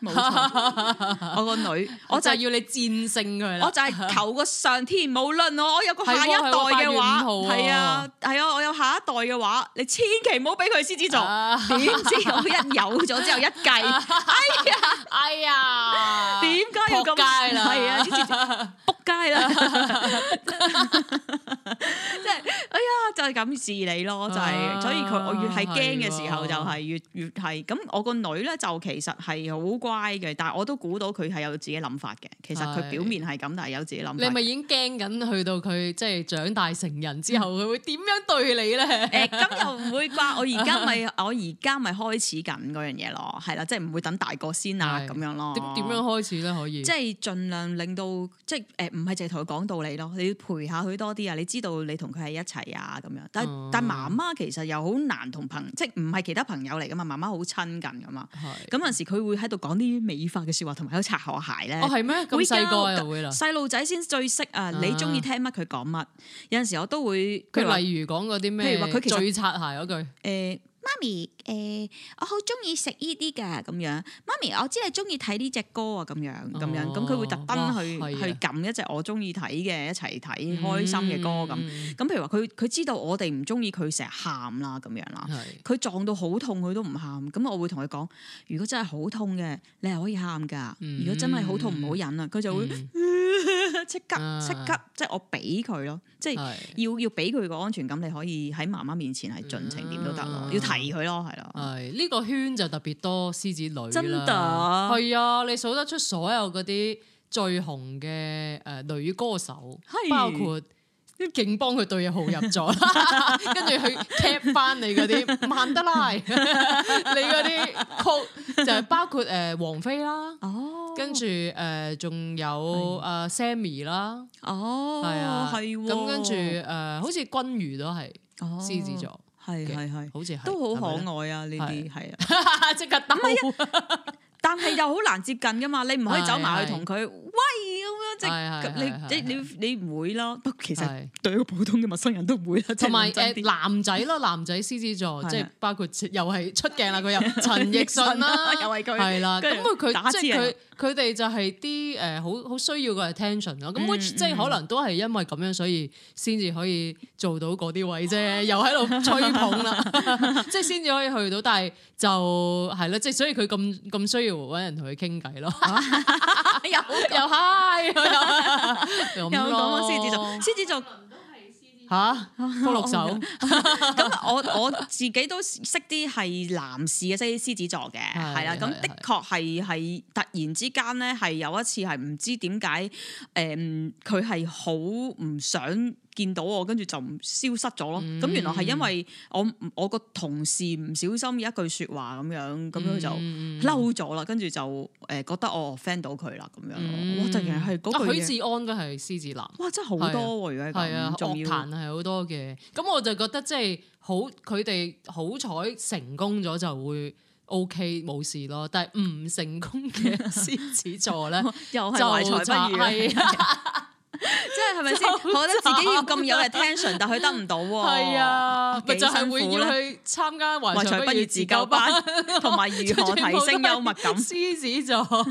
冇錯，
我個女，我就係要你戰勝佢。我就係求個上天，無論我我有個下一代嘅話，係、哦、啊，係啊，我有下一代嘅話，你千祈唔好俾佢獅子座。點 知有一有咗之後一計，哎呀， 哎呀，點解要咁？係啊，梗係啦，即係、 就是、哎呀，就係咁事你咯，就係、是啊、所以佢我越係驚嘅時候，就係、啊、越越係咁。我個女咧就其實係好乖嘅，但我都估到佢係有自己諗法嘅。其實佢表面係咁，但係有自己諗法。你
咪已經驚緊，去到佢即係長大成人之後，佢會點樣對你咧？誒、欸，咁又唔會啩？我而家咪
我而家咪開始緊嗰樣嘢咯，係啦、啊，即係唔會等大個先啊
咁、啊、樣咯。點點樣開始咧？可以即
係盡量令到即係誒。呃呃唔係淨係同佢講道理咯，你要陪下佢多啲啊，你知道你同佢係一齊啊咁樣。但係、嗯、但媽媽其實又好難同朋友，即係唔係其他朋友嚟噶嘛，媽媽好親近噶嘛。咁是的 有陣時佢會喺度講啲美化嘅說話，同埋喺度擦下鞋咧。哦，係咩？咁細個又會啦。細路仔先最識啊！你中意聽乜佢講乜？啊、有陣時我都會。佢例如講嗰啲咩？譬如話佢最擦鞋嗰句。誒、呃。媽咪，誒、欸，我好中意食依啲㗎，咁樣。媽咪，我知你中意睇呢隻歌啊，咁樣，咁樣，咁佢會特登去、哦、去撳一隻我中意睇嘅一齊睇開心嘅歌咁。咁譬如話，佢佢知道我哋唔中意佢成日喊啦，咁樣啦。佢撞到好痛佢都唔喊，咁我會同佢講，如果真係好痛嘅，你係可以喊㗎。如果真係好痛唔好忍、呃、啊，佢就會
即刻即
刻，即係我俾佢咯，即係的要要俾佢個安全感，你可以喺媽媽面前係盡情
點都得咯，要睇。係佢咯，係咯，係、這、呢個圈就特別多獅子女啦。係啊，你數得出所有嗰啲最紅嘅誒女歌、ouais、手，包括啲勁幫佢對號入座，跟住去 tap 翻你嗰啲曼德拉，你嗰啲曲就係包括誒王菲啦。哦，跟住誒仲有誒 Sammy 啦。哦，係啊，係咁跟住誒，好似君如都係獅子座。係係係，是是是好似都好可愛啊！呢啲係啊，即 刻抌喺一，但係
又好難接近㗎嘛， 你唔可以走埋去同佢。喂，咁樣即係你你你你唔
會咯？不過其實對一個普通嘅陌生人都唔會啦。同埋男仔咯，男仔獅子座，即係包括又係出鏡啦，佢又陳奕迅啦，又係佢，係啦。咁佢即係佢佢哋就係啲誒好好需要嘅 attention 咯。咁即係可能都係因為咁樣，所以先至可以做到嗰啲位啫。又喺度吹捧啦，即係先至可以去到，但係就係咯，即係所以佢咁咁需要揾人同佢傾偈咯。
嗨
，Hi, 又講翻 獅子座，獅子座都係獅子嚇，科六哈手。咁 我我
自己都識啲係男士嘅即係獅子座嘅，係啦。 咁的確係係突然之間咧，係有一次係唔知點解，誒、嗯，佢係好唔想，見到我跟住就消失咗咯，咁原來係因為我我個同事唔小心一句説話咁樣，咁樣就嬲咗啦，跟住就
誒覺得我 friend 到佢啦咁樣，哇！突然係嗰句許志安都係獅子男，哇！真係好多喎，如果咁樂壇係好多嘅，咁我就覺得即係好佢哋好彩成功咗就會 OK 冇事咯，但係唔成功嘅獅子座咧又係才不遇啊！即係係咪先？
是是走走我覺得自己要咁有 attention，但佢得唔到係啊，咪、啊啊、就係會要去
參加華才畢業自救班，同埋如，如何提升幽默感。獅子座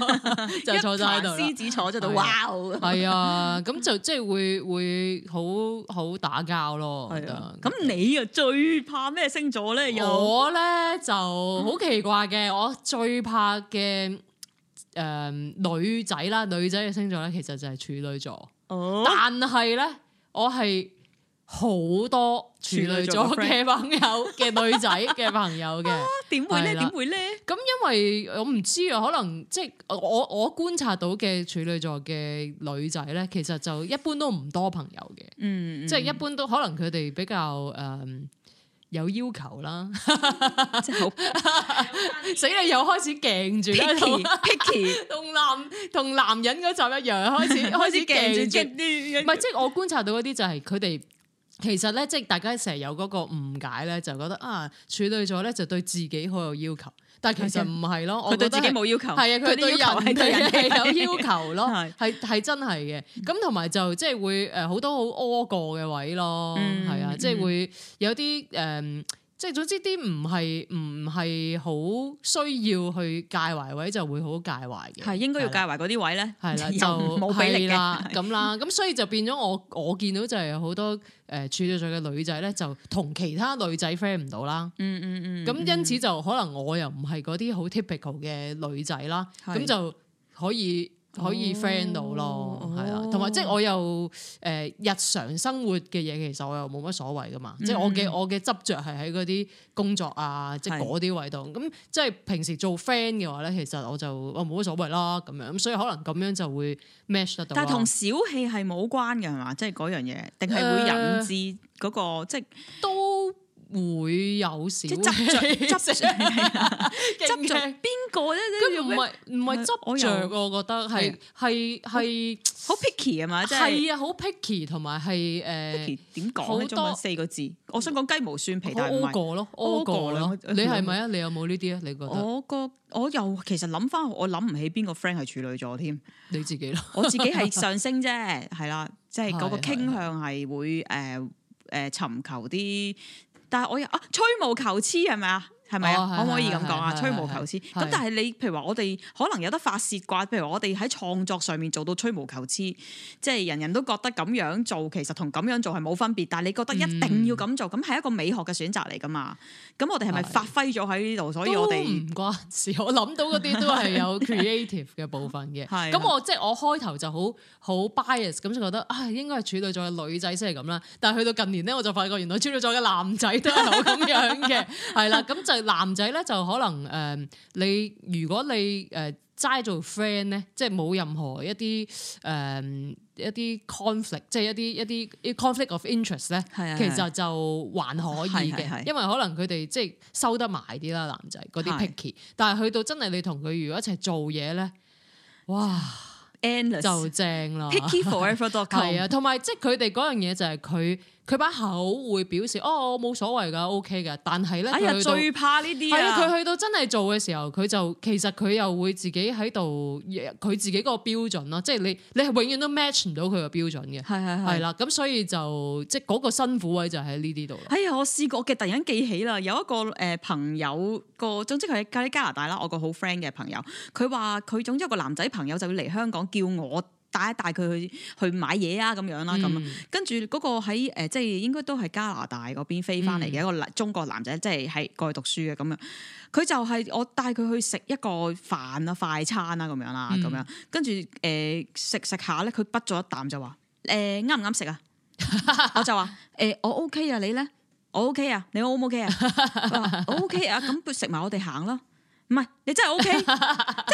就坐咗喺度，獅子坐喺度，啊、哇！係啊，咁就即係會會好好打交咯。咁、啊啊啊、你啊最怕咩星
座咧？我
咧就好奇怪嘅，我最怕嘅誒女仔啦，女仔嘅星座咧，其實就係處女座。Oh? 但係呢，我係好多處女座嘅朋友嘅女仔嘅朋友嘅，點、 啊、會呢？點會呢？咁因為我唔知啊，可能即係、就是、我我觀察到嘅處女座嘅女仔呢，其實就一般都唔多朋友嘅，嗯、mm，即、hmm. 係一般都可能佢哋比較誒。Um, 有要求啦，即係好死酷你 又開始勁住啦 picky 同肌 男同男人嗰集一樣，開始開始勁住。唔係， 即係我觀察到嗰啲就係佢哋其實咧，即係大家成日有嗰個誤解咧，就覺得啊，處女座咧就對自己好有要求。但其實唔係咯，我對自己冇要求，係啊，佢對人對人係有要求咯，係係 是真係嘅。咁同埋就即係會誒好多好屙過嘅位咯，係啊，即係會有啲誒。Um 即係總之啲唔係唔係好需要去介懷位就會好介懷嘅，係應該要介懷嗰啲位咧，係啦就冇俾你啦咁啦，咁所以就變咗我我見到就係有好多誒處女座嘅女仔咧，就同其他女仔 friend 唔到啦，嗯嗯嗯，咁因此就可能我又唔係嗰啲好 typical 嘅女仔啦，咁就可以。可以 friend 到咯，係啊、哦，同埋即係我又誒、呃、日常生活嘅嘢，其實我又冇乜所謂噶嘛，即係、嗯、我嘅、嗯、我嘅執着係喺嗰啲工作啊，即係嗰啲位度，咁即係平時做 friend 嘅話咧，其實我就我冇乜所謂啦，咁樣，咁所以可能咁樣就會 match 得到。但係同小氣係冇關
嘅係嘛，即係、就是、樣嘢，定係會引致嗰、嗰個即係、呃就是、都。會有
少，執着，執着邊個咧？跟住唔係唔係執着，我覺得係係係好 picky 啊嘛，即係係啊，好 picky，同埋係誒，點講中文四個字，我想講雞毛蒜皮，但係唔係咯，個咯，你係咪啊？你有冇呢啲啊？你覺得？我個我又其實諗翻，我諗唔
起邊個 friend 係處女座添，你自己咯，我自己係上升啫，係啦，即係嗰個傾向係會誒誒尋求啲。但係我又啊，吹毛求疵係咪啊？係咪啊？可唔、哦、可以咁講啊？吹毛求疵咁，但係你譬如話我哋可能有得發泄啩，譬如我哋喺創作上面做到吹毛求疵，即係人人都覺得咁樣做其實同咁樣做係冇分別，但係你覺得一定要咁做，咁係、嗯、一個美學嘅選擇嚟㗎嘛？
咁我哋係咪發揮咗喺呢度？所以我哋唔關事。我諗到嗰啲都係有 creative 嘅部分嘅。咁 是的 我即係、就是、我開頭就好好 bias，咁就覺得啊，應該係處女座嘅女仔先係咁啦。但係去到近年咧，我就發覺原來處女座嘅男仔都係好咁樣嘅，係啦。 咁就男仔咧就可能誒、呃，你如果你誒齋、呃、做 friend 咧，即係冇任何一啲誒。呃一啲 conflict，即係一啲一啲 conflict of interest 咧，係啊 其實就還可以嘅，係啊係啊因為可能佢哋即係收得埋啲啦，男仔嗰啲 picky，< 係啊 S 2> 但係去到真係你同佢如果一齊做嘢咧，哇，Endless. 就正啦，picky forever dot com 係啊，同埋即係佢哋嗰樣嘢就係佢。佢把口會表示哦，我冇所謂噶，OK 噶。但係咧，哎呀，最怕
呢啲啊！係佢去
到真係做嘅時候，佢就其實佢又會自己喺度，佢自己個標準咯。即係你，你係永遠都 match 唔到佢個標準嘅。係係係。係啦，咁所以就即係嗰個辛苦位就喺呢啲度。哎呀，我試過嘅，突然間記起啦，有
一個誒朋友個總之佢喺加拿大啦，我個好 friend 嘅朋友，佢話佢總之有一個男仔朋友就要嚟香港叫我。帶一帶佢去去買嘢啊，咁樣啦，咁，跟住嗰個喺誒、呃，即係應該都係加拿大嗰邊飛翻嚟嘅一個中國男仔，即係喺過去讀書嘅咁樣，佢就係我帶佢去食一個飯啊，快餐、嗯呃呃、啊，咁樣啦，咁樣，跟住誒食食下咧，佢潷咗一啖就話誒，啱唔啱食啊？我就話誒、呃、我 OK 啊，你咧我 OK 啊，你 O 唔 OK 啊？ 我 OK 啊，咁佢食埋我哋行啦。唔係，你真係 O K，即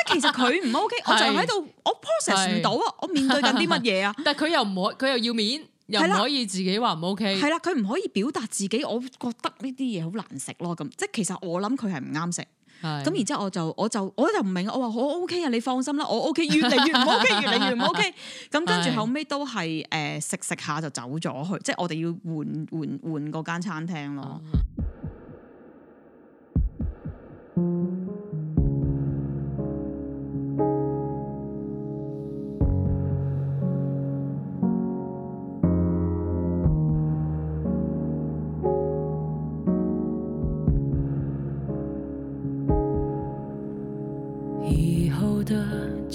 係其實佢唔 O K，我就喺度
我 process 唔到啊，是我面對緊啲乜嘢啊？ 但係佢又唔可，佢又要面，又唔可以自己話唔 O K。係啦，
佢唔可以表達自己，我覺得呢啲嘢好難食咯。咁即係其實我諗佢係唔啱食，咁的然之後我就我就我就唔明，我話好 O K 啊，你放心啦，我 O K，越嚟越唔 O K，越嚟越唔 O K。咁跟住後尾都係誒食食下就走咗去，即係我哋要換換換嗰間餐廳咯。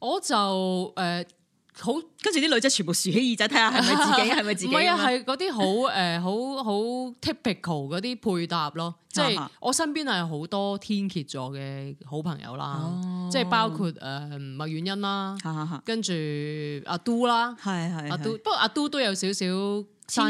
我就誒好、呃、跟住啲女仔全部豎起
耳仔，睇下係咪自己係咪自己，係嗰啲好誒好好 typical 嗰啲配搭咯。即係 我身邊係好多天蠍座嘅好朋友啦，即係包括誒麥婉欣啦，跟住阿都啦，係係阿都，不過阿都都有少少。誒，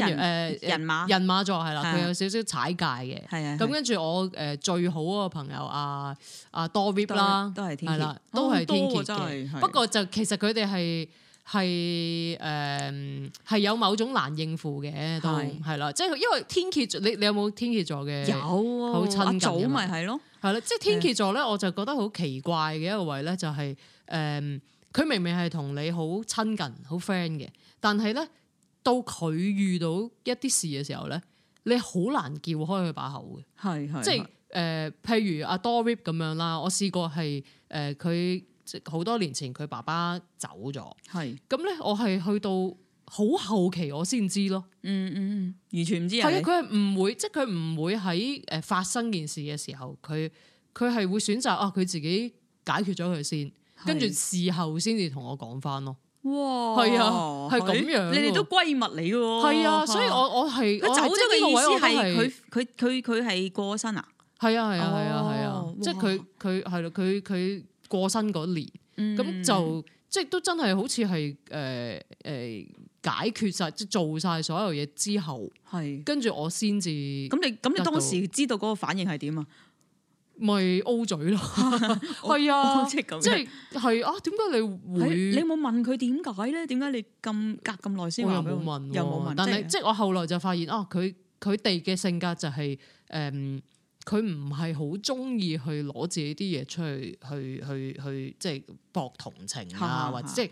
人馬，人馬座係啦，佢有少少踩界嘅，咁跟住我誒最好嗰個朋友阿阿多瑞啦，係啦，都係天蠍座。不過就其實佢哋係係誒係有某種難應付嘅，都係啦，即係因為天蠍座，你你有冇天蠍座嘅？有，好親近啊，咪係咯，係啦，即係天蠍座咧，我就覺得好奇怪嘅一個位咧，就係誒佢明明係同你好親近好 friend 嘅，但係咧。到佢遇到一啲事嘅時候咧，你好難撬開佢把口嘅，係係是，即係誒，譬如阿多瑞咁樣啦，我試過係誒，佢、呃、好多年前佢爸爸走咗，係是，咁咧我係去到好後期我先知咯、嗯，嗯嗯，完全唔知係啊，佢係唔會，即係佢唔會喺誒發生件事嘅時候，佢佢係會選擇哦，佢、啊、自己解決咗佢先，跟住是事後先至同我講翻咯。
哇，係啊，係咁樣，啊你，你哋都閨蜜嚟
嘅，係啊，所以我我係佢走咗嘅意思係佢佢佢
佢係過身啊，
係啊係啊係啊係啊，即係佢佢係咯佢佢過身嗰年，咁、嗯、就即係都真係好似係誒誒解決晒即係做晒所有嘢之後，係跟住我先至咁你咁你當時知道嗰個反應係點啊？咪 O 嘴咯，係、就是、啊，即係即係
係啊，點解你會？你冇問佢點解咧？點解你咁隔咁耐先會？我冇問，又冇問。但係即
係我後來就發現啊，佢佢哋嘅性格就係、是、誒，佢唔係好中意去攞自己啲嘢出去，去去去即係、就是、博同情啊，是的是的或者即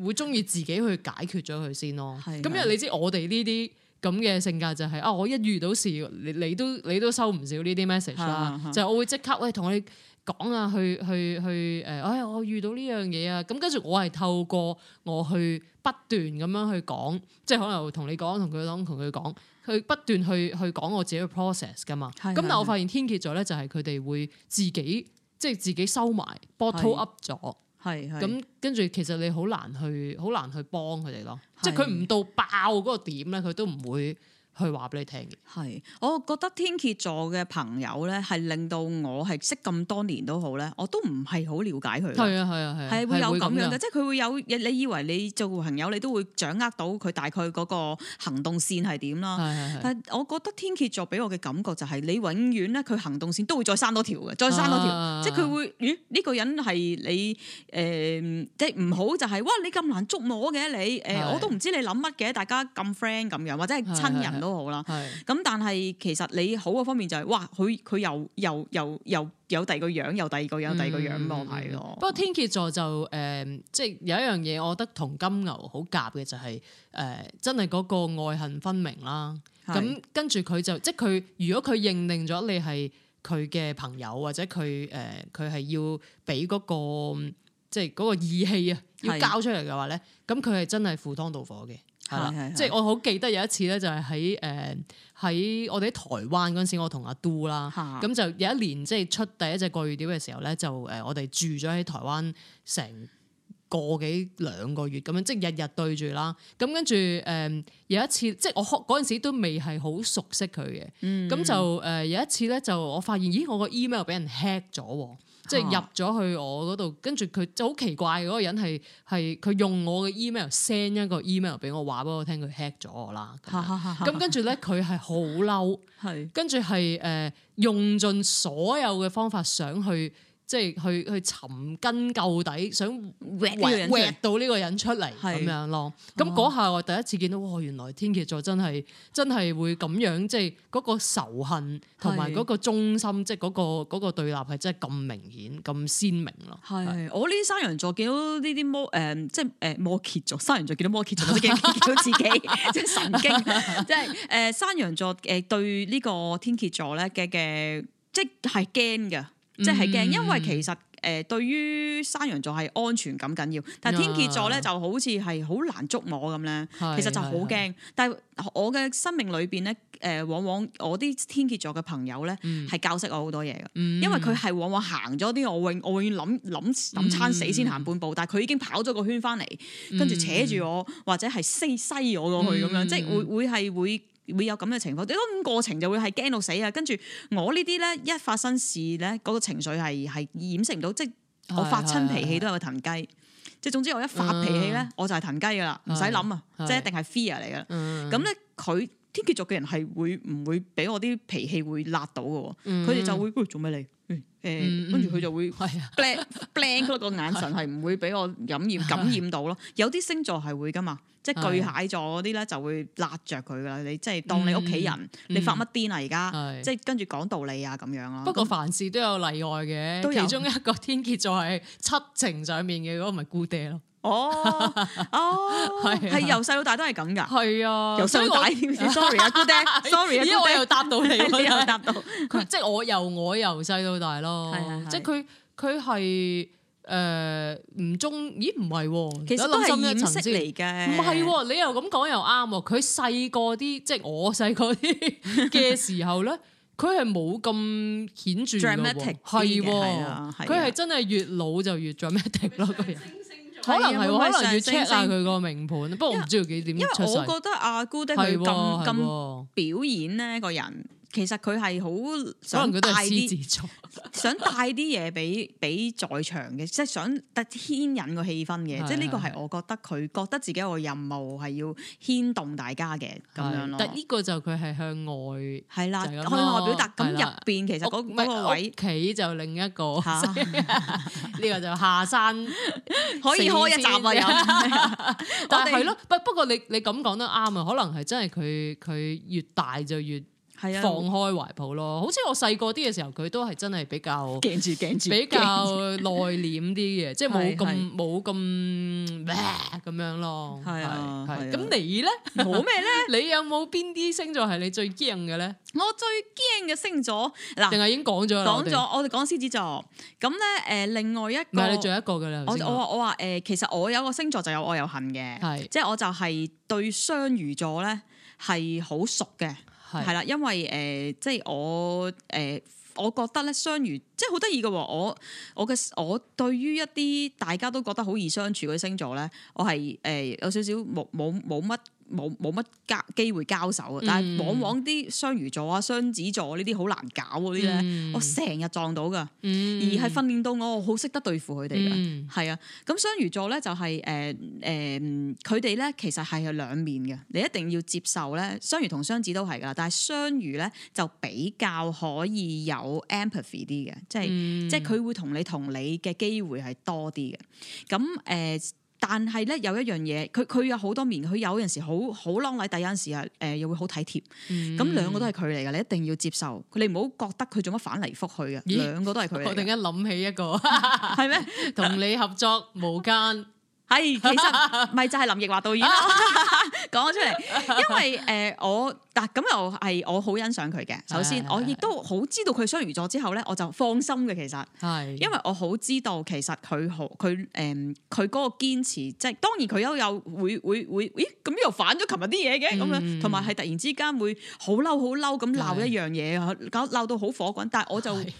係會中意自己去解決咗佢先咯。咁因為你知我哋呢啲。咁嘅性格就係、是、啊，我一遇到事，你你都你都收唔少呢啲 message 啦，的就我會即刻喂同你講啊，去去去誒，哎我遇到呢樣嘢啊，咁跟住我係透過我去不斷咁樣去講，即係可能會同你講、同佢講、同佢講，去不斷去去講我自己嘅 process 噶嘛。咁是的 但我發現天蠍座咧就係佢哋會自己即係自己收埋 bottle up 咗。係，咁係跟住其實你好難去，好難去幫佢哋咯。係即係佢唔到爆嗰個點咧，佢都唔會。去話俾你聽嘅，係
我覺得天蠍座嘅朋友咧，係令到我係識咁多年都好咧，我都唔係好了解佢。係啊，係啊，係、啊，係會有咁樣嘅，樣即係佢會有你以為你做朋友你都會掌握到佢大概個行動線係點啦。係但係我覺得天蠍座俾我嘅感覺就係你永遠咧，佢行動線都會再生多條嘅，再生多條、啊這個呃，即係佢會咦呢個人係你誒即係唔好就係、是、哇你咁難捉摸嘅你誒、呃、是我都唔知你諗乜嘅，大家咁 friend 咁樣或者係親人是。都好啦，咁但係其實你好個方面就係、是、哇，佢佢又又又又有第二個樣，又第二個樣，第二個樣咁我睇咯。是的
不過天蠍座就誒，即、呃、係、就是、有一樣嘢，我覺得同金牛好夾嘅就係、是、誒、呃，真係嗰個愛恨分明啦。咁是的 跟住佢就即係佢如果佢認定咗你係佢嘅朋友或者佢誒，佢、呃、係要俾嗰、那個即係嗰個義氣啊，要交出嚟嘅話咧，咁佢係真係赴湯蹈火嘅。係啦，即係我好記得有一次咧，就係喺誒喺我哋喺台灣嗰陣時，我同阿都啦的，咁就有一年即係、就是、出第一隻過月碟嘅時候咧，就誒、uh, 我哋住咗喺台灣成個幾兩個月咁樣，即係日日對住啦。咁跟住誒有一次，即、就、係、是、我嗰陣時都未係好熟悉佢嘅，咁、嗯、就誒、uh, 有一次咧，就我發現咦我個 email 俾人 hack 咗喎。即係入咗去我嗰度，跟住佢就好奇怪，嗰個人係係佢用我嘅 email send 一個 email 俾我話俾我聽佢 hack 咗我啦。咁 跟住咧佢係好嬲， 是跟住係誒用盡所有嘅方法想去。即係去去尋根究底想，想挖挖到呢個人出嚟咁對樣咯。咁嗰下我第一次見到，哇！原來天蠍座真係真係會咁樣，即係嗰個仇恨同埋嗰個忠心，對即係嗰、嗰個嗰、嗰個、對立係真係咁明顯、咁鮮明咯。係我呢啲山羊座見到呢啲魔誒、呃，即係誒摩羯座。山羊座見到摩羯座都驚驚
到自己，即係神經。即係誒山羊座誒對呢個天蠍座咧嘅嘅，即係驚嘅。即係驚，因為其實誒對於山羊座係安全感緊要，但天蠍座咧就好似係好難捉摸咁咧，其實就好驚。但係我嘅生命裏邊咧，誒往往我啲天蠍座嘅朋友咧係教識我好多嘢嘅，因為佢係往往行咗啲我永我永遠諗諗諗餐死先行半步，但係佢已經跑咗個圈翻嚟，跟住扯住我或者係西西我過去咁樣，即係會會係會。會會有咁嘅情況，你講過程就會係驚到死啊！跟住我呢啲咧，一發生事咧，嗰、那個情緒係係掩飾唔到，即係我發親脾氣都是有個騰雞。即係總之我一發脾氣咧，嗯、我就係騰雞噶啦，唔使諗啊，是是即係一定係 fear 嚟噶。咁咧、嗯，佢天蠍座嘅人係會唔會俾我啲脾氣會辣到嘅？佢哋、嗯、就會做咩嚟？欸誒，跟住佢就會 blank blank 咯，個眼神係唔會俾我感染是、啊、感染到咯。有啲星座係會噶嘛，即係巨蟹座嗰啲咧就會拉着佢噶啦。你即係當你屋企人，是啊、你發乜癲啊？而家即係跟住講道理啊，咁樣咯。是啊、但 不過凡
事都有例外嘅，都有其中一個天蠍座係七情上面嘅，嗰、嗰個咪姑爹咯。哦哦，係由細到大都係咁噶，係啊，由細到大 sorry 啊爹，sorry 啊。咦，我又答到你，我又答到佢，即係我由我由細到大咯，即係佢佢係誒唔中，咦唔係，其實都係演飾嚟嘅，唔係你又咁講又啱，佢細個啲，即係我細個啲嘅時候咧，佢係冇咁顯著，係佢係真係越老就越 dramatic 咯，個人。可能係，會會星星可能要清晒佢個名盤。為不過我唔知道幾點因為我覺得
阿姑 u d 佢咁咁表演咧，個人。其實佢係好，可能佢都係獅子座，想帶啲嘢俾俾在場嘅，即係想特牽引氣是是個氣氛嘅，即係呢個係我覺得佢覺得自己有個任務係要
牽動大家嘅咁樣咯。但呢個就佢係向外，啊啊，係啦，向外表達咁入邊其實嗰個位企就另一個，呢個就下山可以開一集啊，係咯，不不過你你咁講得啱啊，可能係真係佢佢越大就越。放開懷抱咯，好似我細個啲嘅時候，佢都係真係比較驚住驚住，比較內斂啲嘅，即係冇咁冇咁咁樣咯。係咁你咧，冇咩咧？你有冇邊啲星座係你最驚嘅咧？我最驚嘅
星座嗱，定係已經講咗，講咗。我哋講獅子座。咁咧，誒，另外一個你仲
有一個噶啦。我我
我話誒，其實我有個星座就有愛有恨嘅，係，即係我就係對雙魚座咧係好熟嘅。係啦，因為誒、呃，即係我誒、呃，我覺得咧雙魚即係好得意嘅。我我嘅我對於一啲大家都覺得好易相處嘅星座咧，我係誒、呃、有少少冇冇冇乜，冇冇乜交機會交手嘅，但係往往啲雙魚座啊、雙子座呢啲好難搞嗰啲咧，我成日撞到噶，
而係訓
練到我好識得對付佢哋嘅，係啊、mm.。咁雙魚座咧就係誒誒，佢哋咧其實係有兩面嘅，你一定要接受咧。雙魚同雙子都係噶，但係雙魚咧就比較可以有 empathy 啲嘅，即係 mm. 即係即係佢會同你同你嘅機會係多啲嘅。咁誒。呃但係咧有一樣嘢，佢佢有好多面，佢有陣時好好啷厲，第陣時啊誒、呃、又會好體貼，咁、嗯、兩個都係佢嚟嘅，你一定要接受佢，你唔好覺得佢做乜反嚟覆去嘅，咦兩個都係佢。我突然間諗起一個，係 咩是嗎？同 你合作無間，係 其實咪就係、是、林奕華導演啦，講咗 出嚟，因為誒、呃、我。嗱咁又係我好欣賞佢嘅。首先，我亦都好知道佢雙魚座之後咧，我就放心嘅。其實，因為我好知道其實佢好佢誒佢嗰個堅持，即係當然佢又有會會會咦咁又反咗琴日啲嘢嘅咁樣，同埋係突然之間會好嬲好嬲咁鬧一樣嘢啊，搞鬧到好火滾。但係我就咦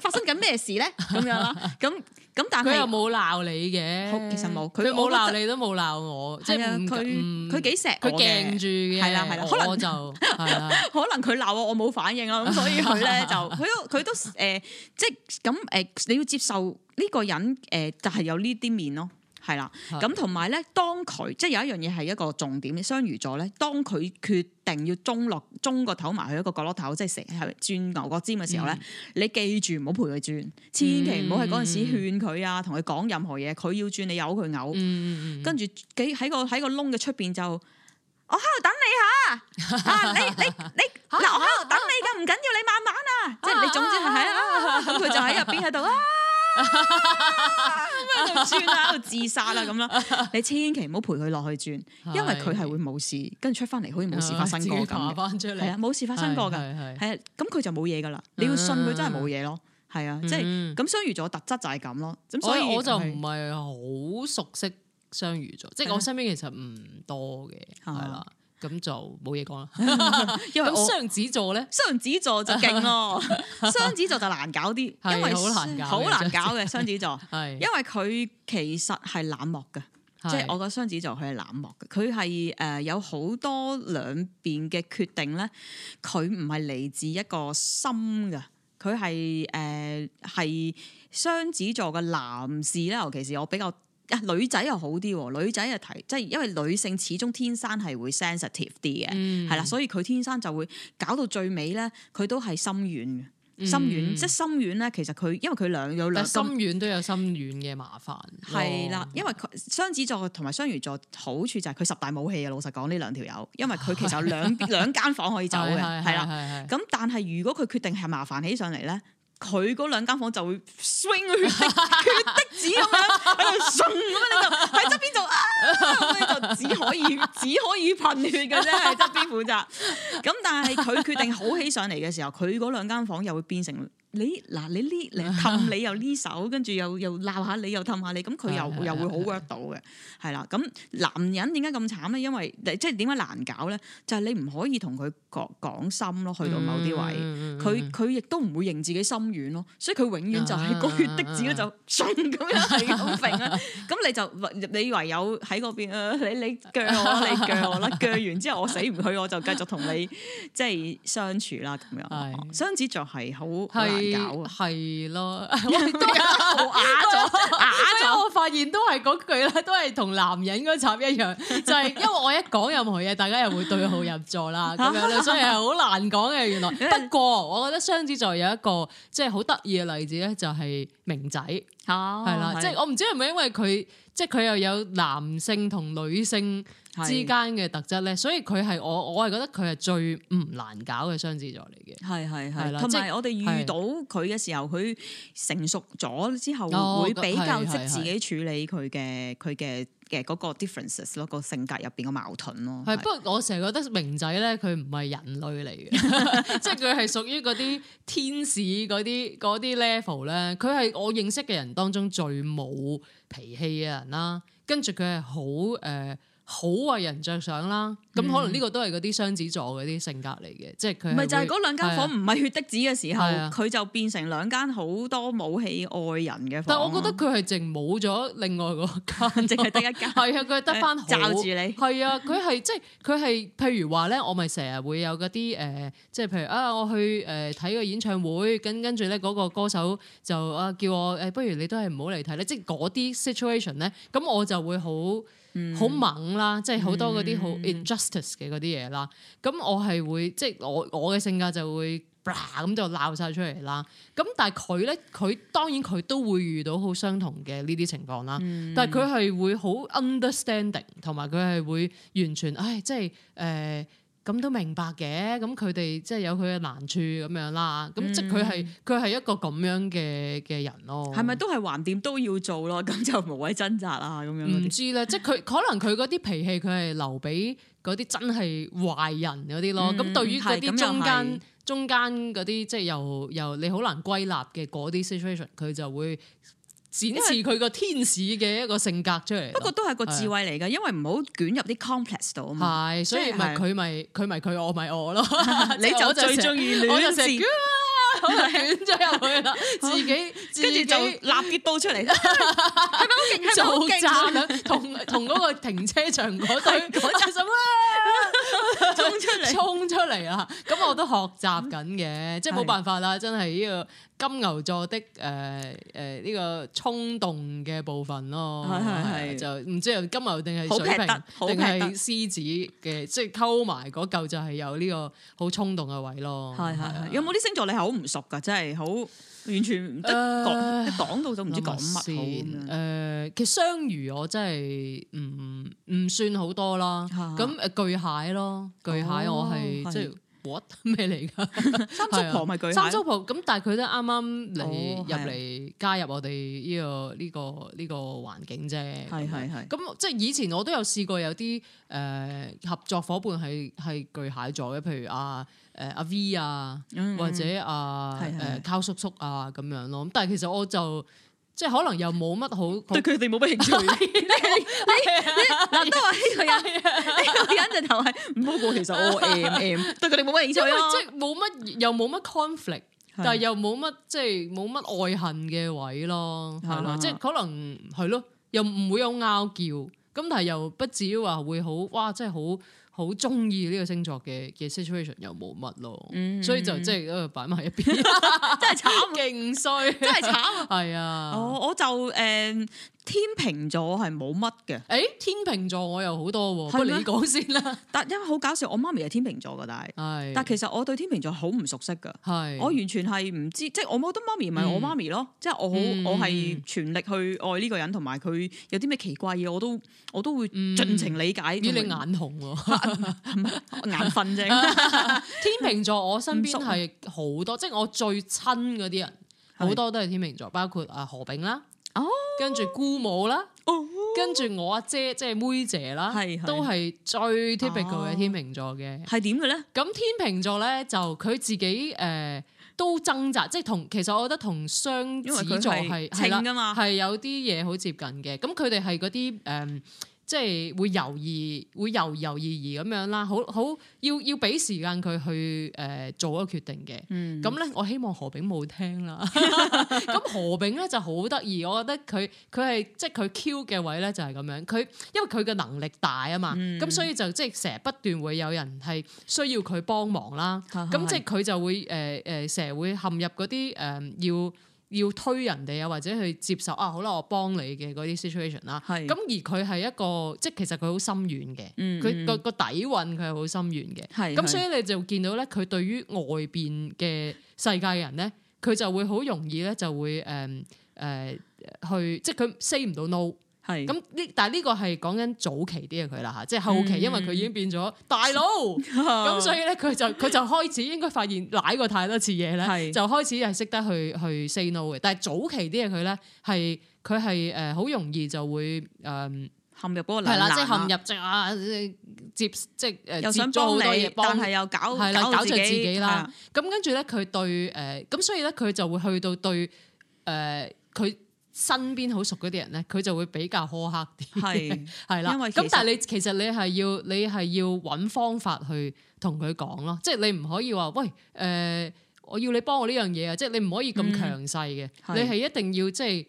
發生緊咩事咧？咁樣
咁咁，但係佢又冇鬧你嘅，其實冇佢冇鬧你都冇鬧我，即係佢佢幾錫我嘅，係啦係啦，可能就。 可能佢鬧我，我冇反應啊。咁 所以佢咧就佢都
佢都誒，即係咁誒，你要接受呢個人誒、呃，就係、是有，嗯、的有呢啲面咯，係啦。咁同埋咧，當佢即係有一樣嘢係一個重點嘅雙魚座咧，當佢決定要中落中個頭埋去一個角落頭，即係成係轉牛角尖嘅時候咧，嗯、你記住唔好陪佢轉，千祈唔好係嗰陣時勸佢啊，同佢講任何嘢，佢要轉你由佢嘔，嗯、跟住喺個喺個窿嘅出邊就。我喺度等你吓，啊你你你，嗱我喺度等你噶，唔緊要你慢慢啊，即係你總之係喺啊，咁佢就喺入邊喺度啊，咁樣度轉啊，喺度自殺啦咁咯，你千祈唔好陪佢落去轉，因為佢係會冇事，跟住出翻嚟好似冇事發生過咁，翻出嚟啊冇事發生過噶，係啊咁佢就
冇嘢噶啦，你要信佢真係冇嘢咯，係啊即係咁雙魚座特質就係咁咯，咁所以我就唔係好熟悉。雙魚座，即係我身邊其實唔多嘅，係啦的，咁就冇嘢講啦。因為 我 雙子座咧，雙子座就勁咯， 雙子
座就難搞啲，
的因為好難搞嘅雙
子座，係的因為佢其實係冷漠嘅，的即係我覺得雙子座佢係冷漠嘅，佢係誒有好多兩邊嘅決定咧，佢唔係嚟自一個心嘅，佢係誒係雙子座嘅男士咧，尤其是我比較。啊，女仔又好啲，女仔又提，即係因為女性始終天生係會 sensitive 啲嘅，係啦，所以佢天生就會搞到最尾咧，佢都係心軟嘅，心軟即係心軟咧。其實佢因為佢兩有兩但心軟都有心軟嘅麻煩，係啦，因為雙、哦、子座同埋雙魚座好處就係佢十大武器嘅。老實講呢兩條友，因為佢其實有兩 兩間房可以走嘅，係啦。 咁的但係如果佢決定係麻煩起上嚟咧。佢嗰兩間房就會 swing 血血滴，滴，滴，滴，滴子咁樣喺度送咁樣，你就喺側邊就啊，你就只可以只可以噴血嘅啫，喺側邊負責。咁但係佢決定好起上嚟嘅時候，佢嗰兩間房又會變成。你嗱，你呢嚟氹你又呢手，跟住又又鬧下你又氹下你，咁佢 又又,又, 又會好 work 到嘅，係啦。咁男人點解咁慘咧？因為即係點解難搞咧？就係、是、你唔可以同佢講講心咯，去到某啲位，佢佢亦都唔會認自己心軟咯。所以佢永遠就係割血的字就送咁樣嚟咁揈啊。咁 你就你唯有喺嗰邊啊，你你鋸我，你鋸我啦，鋸完之後我死唔去，我就繼續同你即係相處啦咁樣。的 雙子座係好。係咯，我都
係塗鴨咗，我發現都係嗰句啦，都係同男人嗰集一樣，就係、是、因為我一講任何嘢， 大家又會對號入座啦，咁樣，所以係好難講嘅。原來，不過我覺得雙子座有一個即係好得意嘅例子咧，就係、是、明仔。係啦，即係我唔知係咪因為佢，即係佢又有男性同女性之間嘅特質咧，是所以佢係我，我係覺得佢係最唔難搞嘅雙子座嚟嘅。係係係，同埋是我哋遇到佢嘅時候，佢是成熟咗之後會比較識自己
處理佢嘅佢嘅。嘅嗰個 differences 咯，個性格入邊嘅矛盾咯。
係是，不過是我成日覺得明仔咧，佢唔係人類嚟嘅， 即係佢係屬於嗰啲天使嗰啲啲 level 咧。佢係我認識嘅人當中最冇脾氣嘅人啦。跟住佢係好誒。呃好為人着想啦，咁、嗯、可能呢個都係嗰啲雙子座嗰啲性格嚟嘅，即係佢。唔係就係嗰兩間房
唔係、啊、血滴子嘅時候，佢、啊、就變成兩間好多武器愛人嘅房。但係我覺得佢係淨
冇咗另外嗰間，淨係得一間。係 啊，佢係得翻罩住你。係啊，佢係即係佢係，譬如話咧，我咪成日會有嗰啲誒，即、呃、係譬如啊，我去誒睇、呃、個演唱會，跟跟住咧嗰個歌手就啊叫我誒、哎，不如你都係唔好嚟睇咧，即係嗰啲 situation 咧，咁我就會好。好、嗯、猛啦，即係好多嗰啲好 injustice 嘅嗰啲嘢啦，咁、嗯、我係會即係、即係、我我嘅性格就會咁、呃、就鬧晒出嚟啦，咁但係佢咧，佢當然佢都會遇到好相同嘅呢啲情況啦，嗯、但係佢係會好 understanding，同埋佢係會完全唉即係誒。哎即係呃咁都明白嘅，咁佢哋即係有佢嘅難處咁樣啦，咁、嗯、即係佢係佢係一個咁樣嘅嘅人咯。係咪都係橫掂都要做咯？咁就無謂掙扎啦！咁樣唔知咧，即係佢可能佢嗰啲脾氣，佢係留俾嗰啲真係壞人嗰啲咯。咁對於嗰啲中間中間嗰啲，即係又又你好難歸納嘅嗰啲 situation，佢就會。展示佢個天使嘅一個性格出嚟，不過都係個智慧嚟㗎，的因為唔好捲入啲 complex 度啊嘛。係，所以咪佢咪佢咪佢，我咪我咯。 你就 最中意亂自，我就捲咗入去啦 好，自己跟住就立啲刀出嚟，係咪好勁？好勁同同嗰個停車場嗰對嗰扎什麼？ 的 衝出嚟， 衝出嚟啊！咁我都學習緊嘅，即係冇辦法啦，真係呢個金牛座的誒誒，呢個衝動嘅部分咯，係係係，就唔知係金牛定係水瓶，定係獅子嘅，即係溝埋嗰嚿就係有呢個好衝動嘅位咯，係係。有冇啲星座你係好唔熟噶？真係好。完全唔得，講、呃、到咗唔知講乜誒，其實雙魚我真係唔唔算好多啦。咁誒、啊，巨蟹咯，巨蟹我係即係 what 咩嚟噶？哦就是、三叔婆咪巨蟹三叔婆咁，但係佢都啱啱嚟入嚟加入我哋呢、這個呢、這個呢、這個環境啫。係係係。咁即係以前我都有試過有啲誒、呃、合作伙伴係係巨蟹座嘅，譬如阿。啊誒阿 V 啊，或者阿誒 c 叔叔啊咁樣咯，咁但係其實我就即係可能又冇乜好，對佢哋冇乜興趣 你。難得話呢個人，呢、呢個人嘅頭係，不過其實 O M M 對佢哋冇乜興趣咯、啊是的，即係冇乜又冇乜 conflict，但係又冇乜即係冇乜愛恨嘅位咯，係啦，即係可能係咯，又唔會有拗撬，咁但係又不至於話會好哇，即係好。好鍾意呢個星座嘅嘅 situation 又冇乜咯，嗯嗯嗯，所以就即係喺度擺埋一邊， 真係慘，勁衰，真係慘，係是啊、哦，我我就誒。
Uh 天秤座係冇乜嘅，誒、欸，天秤座我又好多喎、啊，嗎不過你講先啦。但因為好搞笑，我媽咪係天秤座噶，但係，是但其實我對天秤座好唔熟悉噶，係是，我完全係唔知，即係我冇得媽咪咪我媽咪咯，嗯、即係我好，我係全力去愛呢個人，同埋佢有啲咩奇怪嘢，我都我都會盡情理解。咦、嗯，你眼紅喎，
眼瞓啫。天秤座我身邊係好多，即係我最親嗰啲人，好多都係天秤座，包括阿何炳啦。哦，跟住姑母啦，哦、Oh.，跟住我阿姐即係妹姐啦，係是都係最 typical 嘅天秤座嘅，係點嘅咧？咁天秤座咧就佢自己誒、呃、都掙扎，即係同其實我覺得同雙子座係係啦，係有啲嘢好接近嘅，咁佢哋係嗰啲誒。呃即係會猶豫，會猶猶疑疑咁樣啦，好好要要俾時間佢去誒、呃、做一個決定嘅。咁咧、嗯，我希望何炳冇聽啦。咁 何炳咧就好得意，我覺得佢佢係即係佢 Q 嘅位咧就係咁樣。佢因為佢嘅能力大啊嘛，咁、嗯、所以就即係成日不斷會有人係需要佢幫忙啦。咁、嗯、即係佢的就會誒誒成日會陷入嗰啲誒要。要推人哋啊，或者去接受啊，好啦，我幫你嘅嗰啲 situation 啦。咁是而佢係一個即係其實佢好心軟嘅，佢個、嗯嗯、個底蘊佢係好心軟嘅。咁是所以你就見到咧，佢對於外邊嘅世界嘅人咧，佢就會好容易咧就會誒誒、呃呃、去，即係佢 say 唔到 no。係咁呢？但係呢個係講緊早期啲嘅佢啦吓，即係後期，因為佢已經變咗大佬，咁所以咧佢就佢就開始應該發現賴過太多次嘢咧，就開始係識得去去 say no 嘅。但係早期啲嘅佢咧係佢係誒好容易就會誒陷入嗰個泥潭啊，即係陷入即，啊接即誒接咗好多嘢，但係又搞係啦，搞著自己啦。咁跟住咧佢對誒，咁，所以咧佢就會去到對誒佢。身邊好熟嗰啲人咧，佢就會比較苛刻啲，係係啦。咁 了但係你其實你係要你係要搵方法去同佢講囉，即係你唔可以話喂，誒我要你幫我呢樣嘢啊！即係你唔可以咁強勢嘅。嗯、你係一定要即係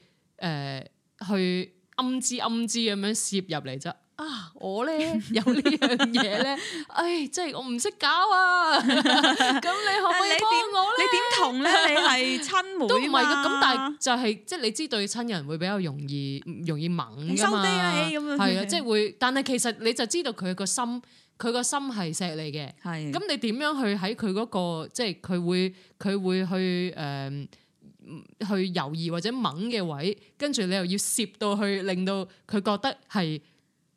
誒去暗知暗知咁樣攝入嚟啫。嗯嗯嗯嗯嗯啊！我咧 有呢樣嘢咧，唉、哎，即係我唔識搞啊！咁 你可唔可以幫我咧？你點同咧？你係親妹都唔係噶。咁但係就係即係你知道對親人會比較容易容易猛噶嘛？收低咁樣係啊，即係會。的但係其實你就知道佢個心，佢的、個心係錫你嘅。係咁你點樣去喺佢嗰個即係佢會佢會去誒、呃、去猶豫或者猛嘅位，跟住你又要攝到去令到佢覺得係。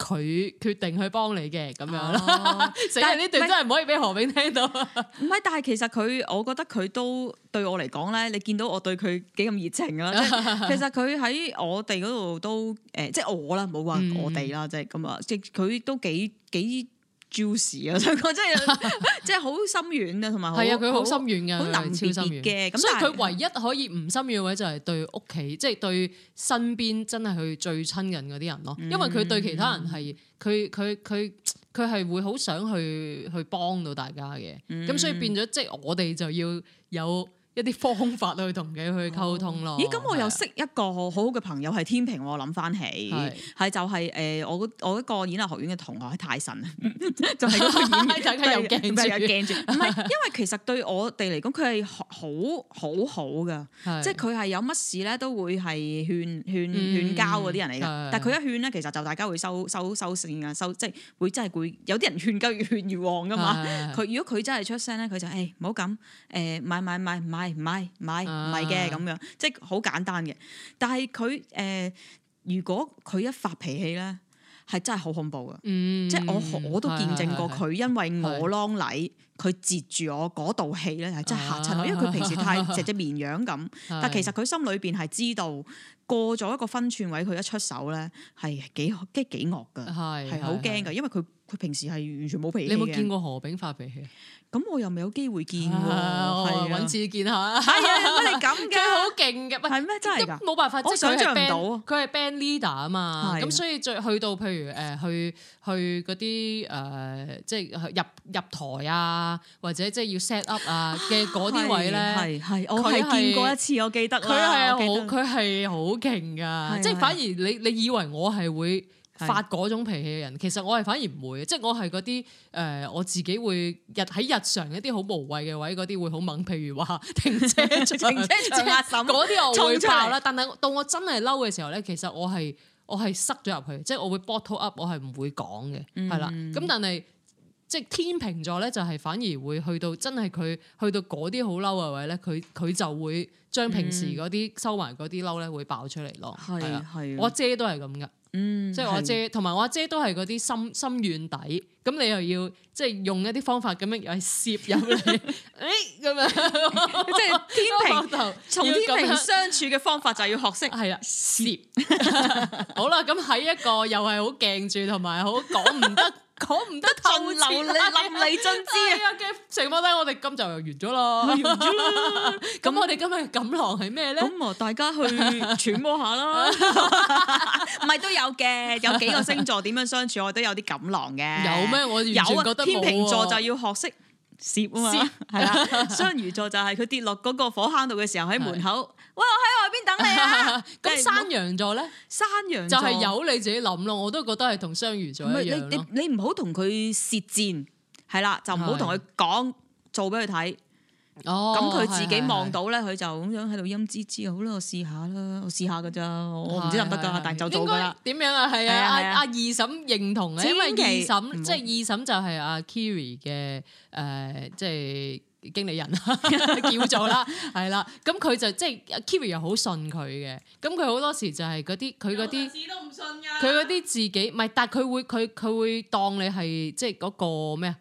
佢決定去幫你嘅咁樣咯，但係呢段真係唔可以俾何冰聽到。唔 係，但係其實佢，我覺得佢都
對我嚟講咧，你見到我對佢幾咁熱情啦、 呃。即其實佢喺我哋嗰度都誒，即係我啦，唔好話我哋啦，即係咁啊，即佢都幾幾。
juicy 啊，佢真
係，真係好心軟啊，同埋係啊，佢好心軟嘅，佢係超心軟嘅，好特別嘅。咁很所以佢唯
一可以唔心軟嘅位就係對屋企，即係是對身邊真係佢最親近嗰啲人咯。嗯、因為佢對其他人係，佢佢佢佢係會好想去去幫到大家嘅。咁、嗯、所以變咗，即係我哋就要有。一啲方法去同佢去溝通咯、哦。咦？咁
我又識一個好好嘅朋友係天平，我諗翻起係，是是就係、是、誒，我、呃、我一個演藝學院嘅同學係泰臣， 就係戴眼鏡住，唔係 因為其實對我哋嚟講，佢係好，好好好好噶，是即係佢係有乜事咧，都會係勸勸勸交嗰啲人嚟噶。嗯、但係佢一勸咧，其實就大家會收收收聲噶，收，收，收即係會真係會。有啲人勸交越勸越旺噶嘛。佢的的如果佢真係出聲咧，佢就誒唔好咁誒，買買買買。買買係唔係唔係唔係嘅咁樣，即係好簡單嘅。但係佢誒，如果佢一發脾氣咧，係真係好恐怖噶即係我我都見證過佢，因為我啷禮，佢截住我嗰道氣咧，係真係嚇親。因為佢平時太似隻綿羊咁，但其實佢心裏邊係知道過咗一個分寸位，佢一出手咧係幾即係幾惡噶係係好驚噶因為佢佢平時係完全冇脾氣。你有冇見過
何炳發脾氣？咁我又未有機會見喎，我揾次見下。係啊，乜你咁嘅？好勁嘅，係咩？真係冇辦法，即係我想象唔到。佢係 band leader 啊嘛，咁所以再去到譬如誒去去嗰啲誒即係入入台啊，或者即係要 set up 啊嘅嗰啲位咧，係係我係見過一次，我記得。佢係啊，好佢係好勁噶，即係反而你你以為我係會發嗰種脾氣嘅人，其實我係反而唔會，即係我係嗰啲誒，我自己會日喺日常一啲好無謂嘅位，嗰啲會好猛，譬如話停車，停車壓線，嗰啲我會爆啦。但係到我真係嬲嘅時候咧，其實我係我係塞咗入去，即係我會 bottle up，我係唔會講嘅，係啦。咁但係即係天秤座咧，就係反而會去到真係佢去到嗰啲好嬲嘅位咧，佢佢就會將平時嗰啲收埋嗰啲嬲咧會爆出嚟咯。係啊，我姐都係咁噶。嗯，即係我姐，同埋是的 我姐都係嗰啲心心軟底，咁你又要即係用一啲方法咁樣又係攝入嚟，誒咁、 哎、這樣， 即
係天平就從 天平
相處嘅方法就係要學識，係啦攝。 好啦，咁喺一個又係好鏡住，同埋好講唔得。講唔得盡流利，淋漓盡致啊嘅情況底下，我哋今集又完咗啦。咁、 嗯、我哋今日嘅錦囊係咩咧？大家去揣摩下啦，
咪 都有嘅，有幾個星座點樣相處，我都有啲錦囊嘅。有咩？我有啊，天秤座就要學識。 蝕啊嘛，係啦，雙魚座就係佢跌落嗰個火坑度嘅時候喺門口，的喂，我喺外邊等你啊。咁 山羊座咧？山羊座就係由
你自己諗咯，我都覺得係同雙魚座一樣咯。你唔好同佢舌戰，
係啦，就唔好同佢講，的做俾佢睇。哦，咁佢自己望到咧，佢就咁樣喺度陰滋滋。好啦，我試下啦，我試下噶咋，我唔知得唔得噶，但係就做啦。應該點
樣啊？係啊，阿阿二嬸認同嘅，因為二嬸即係二嬸就係阿 Kiri 嘅誒，即係經理人叫做啦，係啦。咁佢就即係 Kiri 又好信佢嘅，咁佢好多時就係嗰啲佢嗰啲，佢嗰啲自己唔係，但係佢會佢佢會當你係即係嗰個咩啊？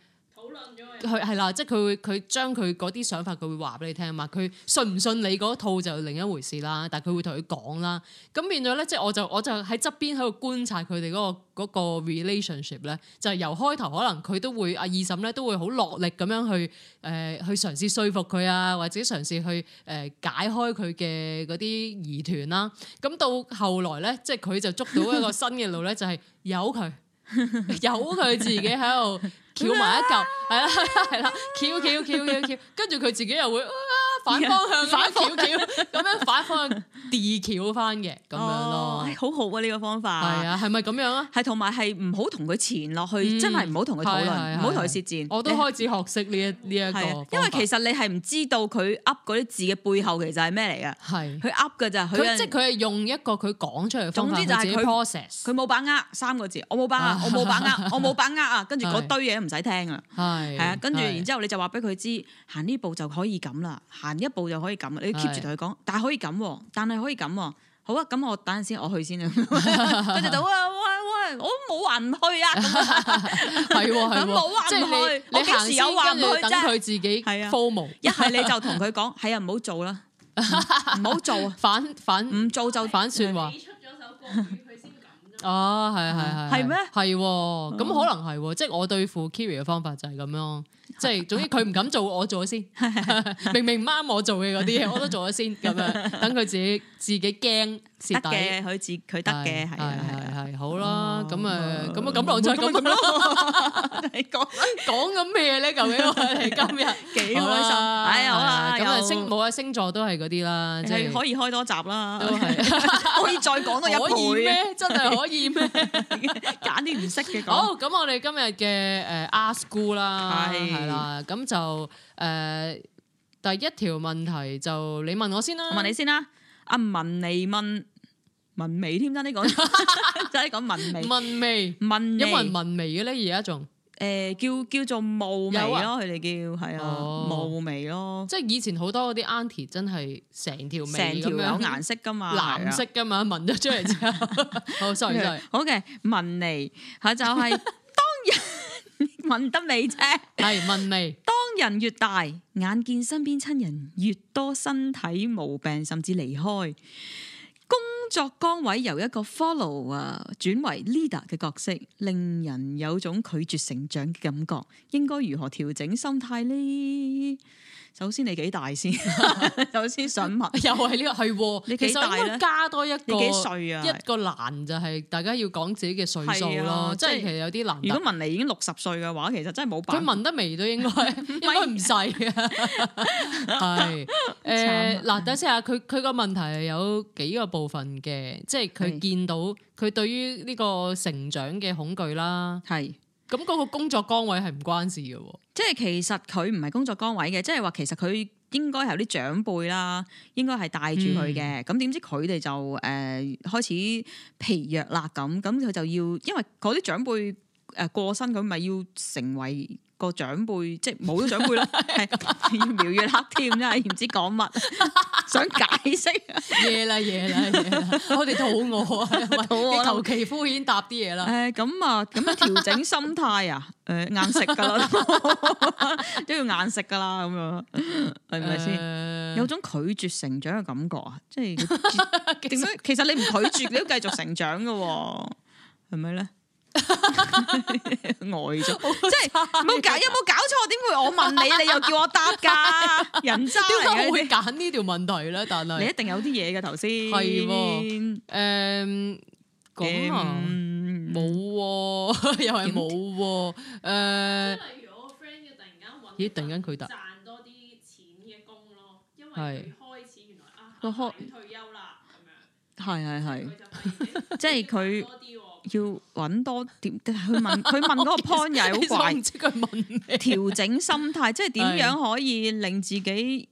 佢係啦，即係佢會佢將佢嗰啲想法佢會話俾你聽嘛，佢信唔信你嗰套就另一回事啦，但係佢會同佢講啦。咁變咗咧，即係我就我就喺側邊喺度觀察佢哋嗰個嗰個 relationship 咧，就係、由開頭可能佢都會阿二嬸咧都會好落力咁樣去誒、呃、去嘗試說服佢啊，或者嘗試去誒解開佢嘅嗰啲疑團啦。咁到後來咧，即係佢就捉到一個新嘅路咧， 就係由佢由佢自己喺度。翹埋一嚿，係啦，係 啦，翹翹翹翹，翹，跟住佢自己又會，啊反方向，反橋橋咁樣反方向地橋翻嘅咁樣咯，好好啊呢
個方法。係啊，係咪咁樣啊？係，同埋係唔好同佢前落去，真係唔好同佢討論，唔好同佢舌戰。我都開始學識呢一呢一個。因為其實你係唔知道佢噏嗰啲字嘅背後其實係咩嚟㗎，佢噏㗎咋。佢即係佢
係用一個佢講出嚟嘅方法。總之就係
佢，佢冇把握三個字，我冇把握，我冇把握，我冇把握啊！跟住嗰堆嘢唔使聽啊。係啊，跟住然之後你就話俾佢知，行呢步就可以咁啦。一步就可以咁，你要 keep 住同佢講，但係可以咁，但係可以咁，好啊，咁我等陣先，我去先啊！佢 就話：喂喂，我冇話唔去啊，係喎，係 喎、啊，啊、 去即係你，你幾時有話唔去，你跟住等佢自己，自己對 form 一係你就同佢講，係 啊，唔好做啦，
唔好做，反反唔做就反算。話。哦，係係係，係咩？係喎，咁可能係喎，即係我對付 Kiri 嘅方法就係咁樣咯，即係總之佢唔敢做，我做咗先。 明明唔啱我做嘅嗰啲嘢，我都做咗先，咁樣等佢自己。自己驚，得嘅佢自佢得嘅，係啊係係好啦，咁啊咁啊咁咯，就係咁咯。你講講緊咩咧？究竟我哋今日幾開心，哎呀好啦，咁啊星冇啊星座都係嗰啲啦，即係可以開多集啦，都係
可以再講多一集咩？真係可以咩？揀啲唔識嘅講。
好，咁我哋今日嘅誒 ASKGOO 啦，係啦，咁就誒第一條問題就你問我先啦，我問你先啦。啊！紋眉紋紋眉添啦，你講真
係講紋眉，紋眉
聞有紋紋眉嘅咧，而家仲誒叫叫做霧眉咯，佢哋叫係啊，霧眉咯，即係以前好多嗰啲 Auntie 真係成條眉成條有顏色噶嘛，藍色噶嘛，紋咗出嚟之後，
好 sorry sorry，好嘅紋眉，佢就係當日。 問得你啫，嚟問你。當人越大，眼見身邊親人越多身體毛病，甚至離開，工作崗位由一個 follower，轉為 leader 嘅角色，令人有種拒絕成長嘅感覺。應該如何調整心態呢？首先你幾大先？ 首先想問， 又係、這個哦、呢個
係，其實應該加多一個，幾歲啊？一個難就係、是、大家要講自己嘅歲數咯，的即係其實有啲難。是如果問你已經六十歲嘅話，其實真係冇辦法。佢問得微都應該，應該唔細啊。係誒、呃，嗱等先下，佢佢個問題係有幾個部分嘅，即係佢見到佢對於呢個成長嘅恐懼啦，係。咁嗰個工作崗位係唔關事嘅喎，即係其實佢唔係工作崗位嘅，即係話其實佢應該係有啲長輩
啦，應該係帶住佢嘅。咁點、嗯、知佢哋就誒、呃、開始疲弱啦，咁咁佢就要，因為嗰啲長輩誒、呃、過身，佢咪要成為。個長輩即係冇長輩啦，越描越黑添，真係唔知講乜，想解釋，夜啦夜啦夜啦，我哋肚餓啊，
肚餓啦，求
其敷衍搭啲嘢啦。誒，咁啊，咁樣調整心態啊，誒、 嗯，硬食噶啦，都要硬食噶啦，咁樣係咪先？有種拒絕成長嘅感覺啊，即係點解？其實你唔拒絕，你都繼續成長噶，係咪咧？呆咗，即係冇搞有冇搞錯？點會我問你，你又叫我答噶？人渣嚟嘅，我會
揀呢條問題咧。但係你一定有啲嘢嘅頭先。係誒，咁啊，冇又係冇誒。即係例如我個 friend 要突然間搵，咦？突然間佢答賺多啲錢嘅工咯，因為開始原來啊，佢開
退休啦，咁樣係係係，即係佢。要揾多點，佢問，佢 問個 point 又好怪，調整心態，即係點樣可以令自己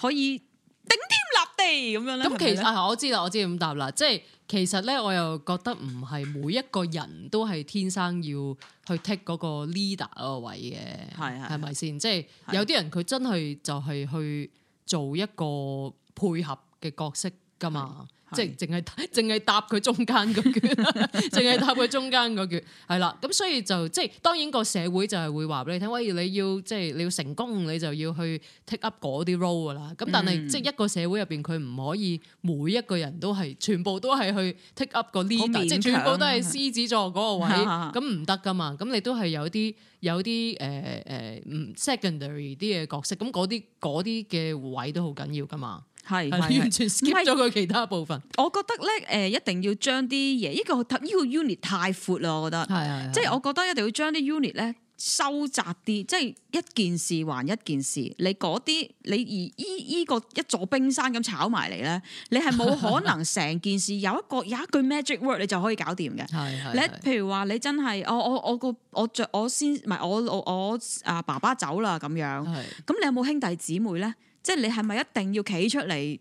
可以
頂天立地咁樣咧？咁、嗯、其實、嗯、我知道我知點答啦，即係其實咧，我又覺得唔係每一個人都係天生要去 take 嗰個 leader 嗰個位嘅，係係咪先？即係是是有啲人佢真係就係去做一個配合嘅角色。噶嘛，的即係淨係淨係搭佢中間個橛，淨係搭佢中間個橛，係啦。咁所以就即係當然個社會就係會話俾你聽，喂，你要即係、就是、你要成功，你就要去 take up 嗰啲 role 噶啦、嗯。咁但係即係一個社會入邊，佢唔可以每一個人都係全部都係去 take up 個 leader，即係全部都係獅子座嗰個位，咁唔得噶嘛。咁你都係有啲有啲誒誒，唔、uh, uh, secondary 啲嘅角色，咁嗰啲嗰啲嘅位都好緊要噶嘛。係，完全 skip 咗佢其他部分。我覺得咧，誒一定要將啲嘢，
呢個依個 unit 太闊啦，我覺得。係係。即係我覺得一定要將啲、這個、unit 咧是收窄啲，即係是一件事還一件事。你嗰啲你而依依個一座冰山咁炒埋嚟咧，你係冇可能成件事有一個有一句 magic word 你就可以搞掂嘅。係係是。你譬如話你真係，我我我個我着我先，唔係我我我啊爸爸走啦咁樣。係。咁你有冇兄弟姊妹咧？即係你係咪一定要企出嚟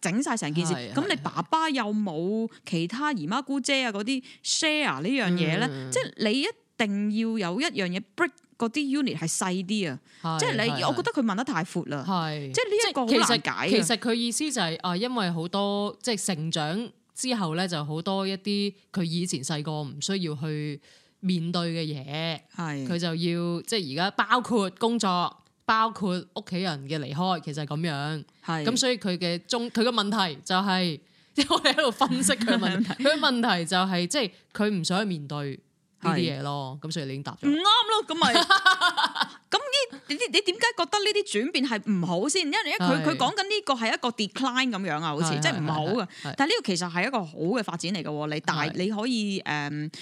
整晒成件事？咁是的 你爸爸又冇其他姨媽姑姐啊嗰啲 share 呢樣嘢咧？嗯、即係你一定要有一樣嘢 break 嗰啲 unit 係細啲啊！即係是的 你，是的 我覺得佢問得太闊啦。係是的 即係呢
一個好難解其實。其實佢意思就係、是、啊，因為好多即係成長之後咧，就好多一啲佢以前細個唔需要去面對嘅嘢，係佢是的 就要即係而家包括工作。包括屋企人嘅離開，其實係咁樣，咁所以佢嘅中佢嘅問題就係，即我喺度分析佢問題，佢問題就係即係佢唔想去面對呢啲嘢咯，咁所以你已經答咗。唔
啱咯，咁咪咁呢？你你點解覺得呢啲轉變係唔好先？因為佢佢講緊呢個係一個 decline 咁樣啊，好似即唔好嘅。但呢個其實係一個好嘅發展嚟嘅，你大你可以誒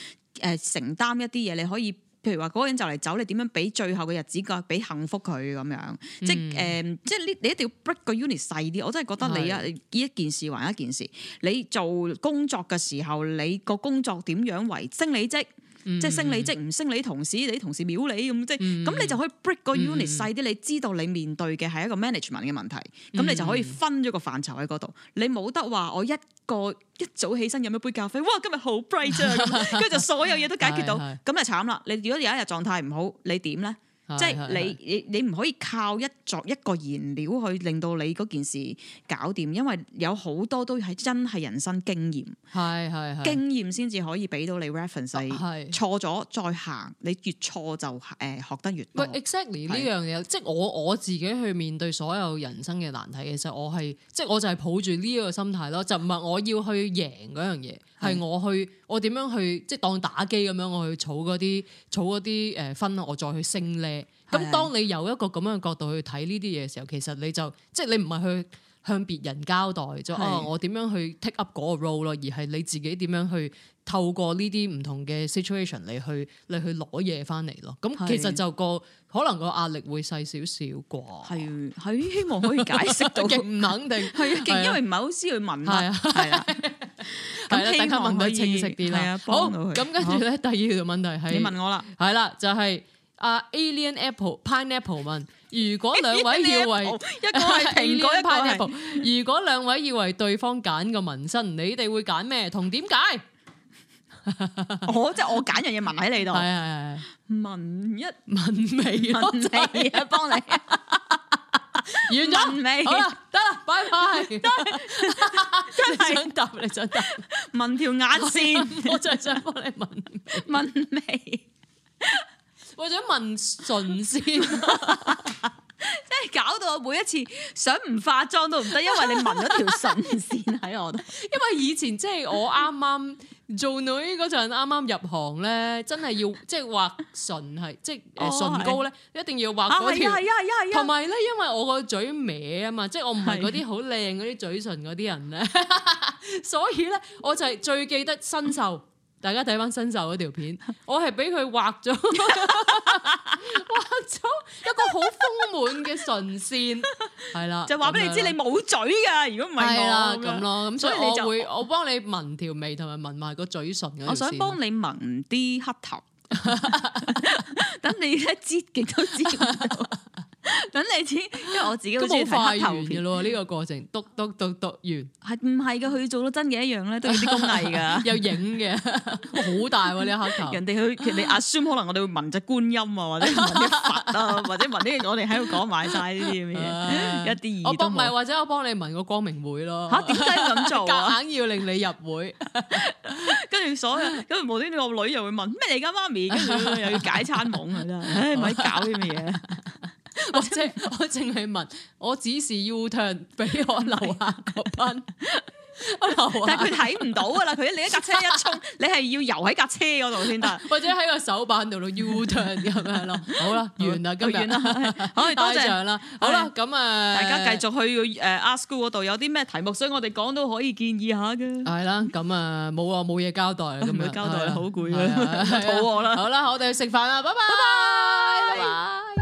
誒承擔一啲嘢，你可以。譬如話嗰個人就嚟走，你點樣俾最後嘅日子個俾幸福佢咁樣？即係誒、嗯呃，即係呢，你一定要 break 個 unit 細啲。我真係覺得你啊，呢一件事還一件事，是你做工作嘅時候，你個工作點樣為升理職？嗯、即係升你職，唔升你啲同事，你啲同事秒你咁，即係咁、嗯、你就可以 break 個 unit 細啲、嗯，你知道你面對嘅係一個 management 嘅問題，咁、嗯、你就可以分咗個範疇喺嗰度。你冇得話我一個一早起身飲咗杯咖啡，哇！今日好 bright 啊，咁跟住就所有嘢都解決到，咁 對就慘啦。你如果有一日狀態唔好，你點咧？即係你是是是你你唔可以靠一作一個燃料去令到你嗰件事搞掂，因為有好多都係真係人生經驗，係係係經驗先
至可以俾到你 reference。係錯咗再行，你越錯就誒學得越多。Exactly 呢是樣嘢，即、就、係、是、我我自己去面對所有人生嘅難題，其、就、實、是、我係即係我就係抱住呢個心態咯，就唔係我要去贏樣嘢。係我去，我點樣去即係當打機咁樣，我去儲嗰啲儲嗰啲誒分，我再去升咧。咁是的 當你有一個咁樣嘅角度去睇呢啲嘢嘅時候，其實你就即係你唔係去向別人交代，就啊我點樣去 take up 嗰個 role 咯，而係你自己點樣去透過呢啲唔同嘅 situation 嚟去嚟去攞嘢翻嚟咯。咁其實就個可能個壓力會細少少啩。係係希望可以解釋到，唔 肯定係啊，因為唔係
好知去問啊。係啊。
咁啦，等下問得清晰啲啦。好，咁跟住咧，第二條問題係，你問我啦，係啦，就係阿 Alien Apple Pineapple 問，如果兩位要為一個蘋果 Pineapple，如果兩位要為對方揀個紋身，你哋會揀咩同點解？
我即係我揀樣嘢紋喺你度，係係係，紋一紋眉，紋眉啊，幫你。完咗紋未？得啦，拜拜是 你。你想答你，想答。紋條眼線，我再想幫你紋紋未？聞未
我想紋
唇線，即 係 搞到我每一次想唔化妝都唔得，
因為你紋咗條唇線喺我度。 因為以前即係我啱啱。做女嗰陣啱啱入行咧，真係要 即係畫唇係，即係唇膏咧，一定要畫嗰條。係啊係啊係啊！同埋咧，因為我個嘴歪啊嘛，的即係我唔係嗰啲好靚嗰啲嘴唇嗰啲人咧， 所以咧我就係最記得新秀。 大家睇翻新秀嗰條片，我係俾佢畫咗畫咗一個好豐滿嘅唇線，係啦，就話俾你知你冇嘴噶如果唔係我咁樣。係啦，咁咯，咁所以，所以你就我會我幫你紋條眉同埋紋埋個嘴唇，我想幫你紋啲黑頭，等 你一擠
極都擠。等你知，因為我自己都中意睇黑頭片咯。呢、這
個過程，督督督篤完，
係唔係嘅？佢做到真嘅一樣咧，都要啲工藝噶， 有影嘅，好 大喎呢個黑頭。人哋去，你阿叔可能我哋會問隻觀音啊，或者問啲
佛啊， 或者問啲我哋喺度講埋晒呢啲咁嘅嘢。一啲 我唔係，或者我幫你問個光明會咯。吓點解咁做，啊？ 硬要令你入會，
跟住 所有跟住，無端端個女又會問咩嚟家媽咪，跟住又要解餐網啊！真、哎、係，唉，咪搞
啲咩嘢？我正，我正去問，我只是 U turn 俾我留下個班，但係佢睇唔到噶啦，佢你一架車一衝，你係要游喺架車嗰度先得，或者喺個手板度度 U turn 咁樣咯。好啦，完啦，咁完啦，可以多謝啦。好啦，
咁誒，大家繼續去誒 ASKGOO 嗰度有啲咩題目，所以我哋講都可以建議下嘅。係啦，咁啊，冇啊，冇嘢交代咁樣交代，好攰啊，肚餓啦。好
啦，我哋去食飯啦，拜拜，拜拜。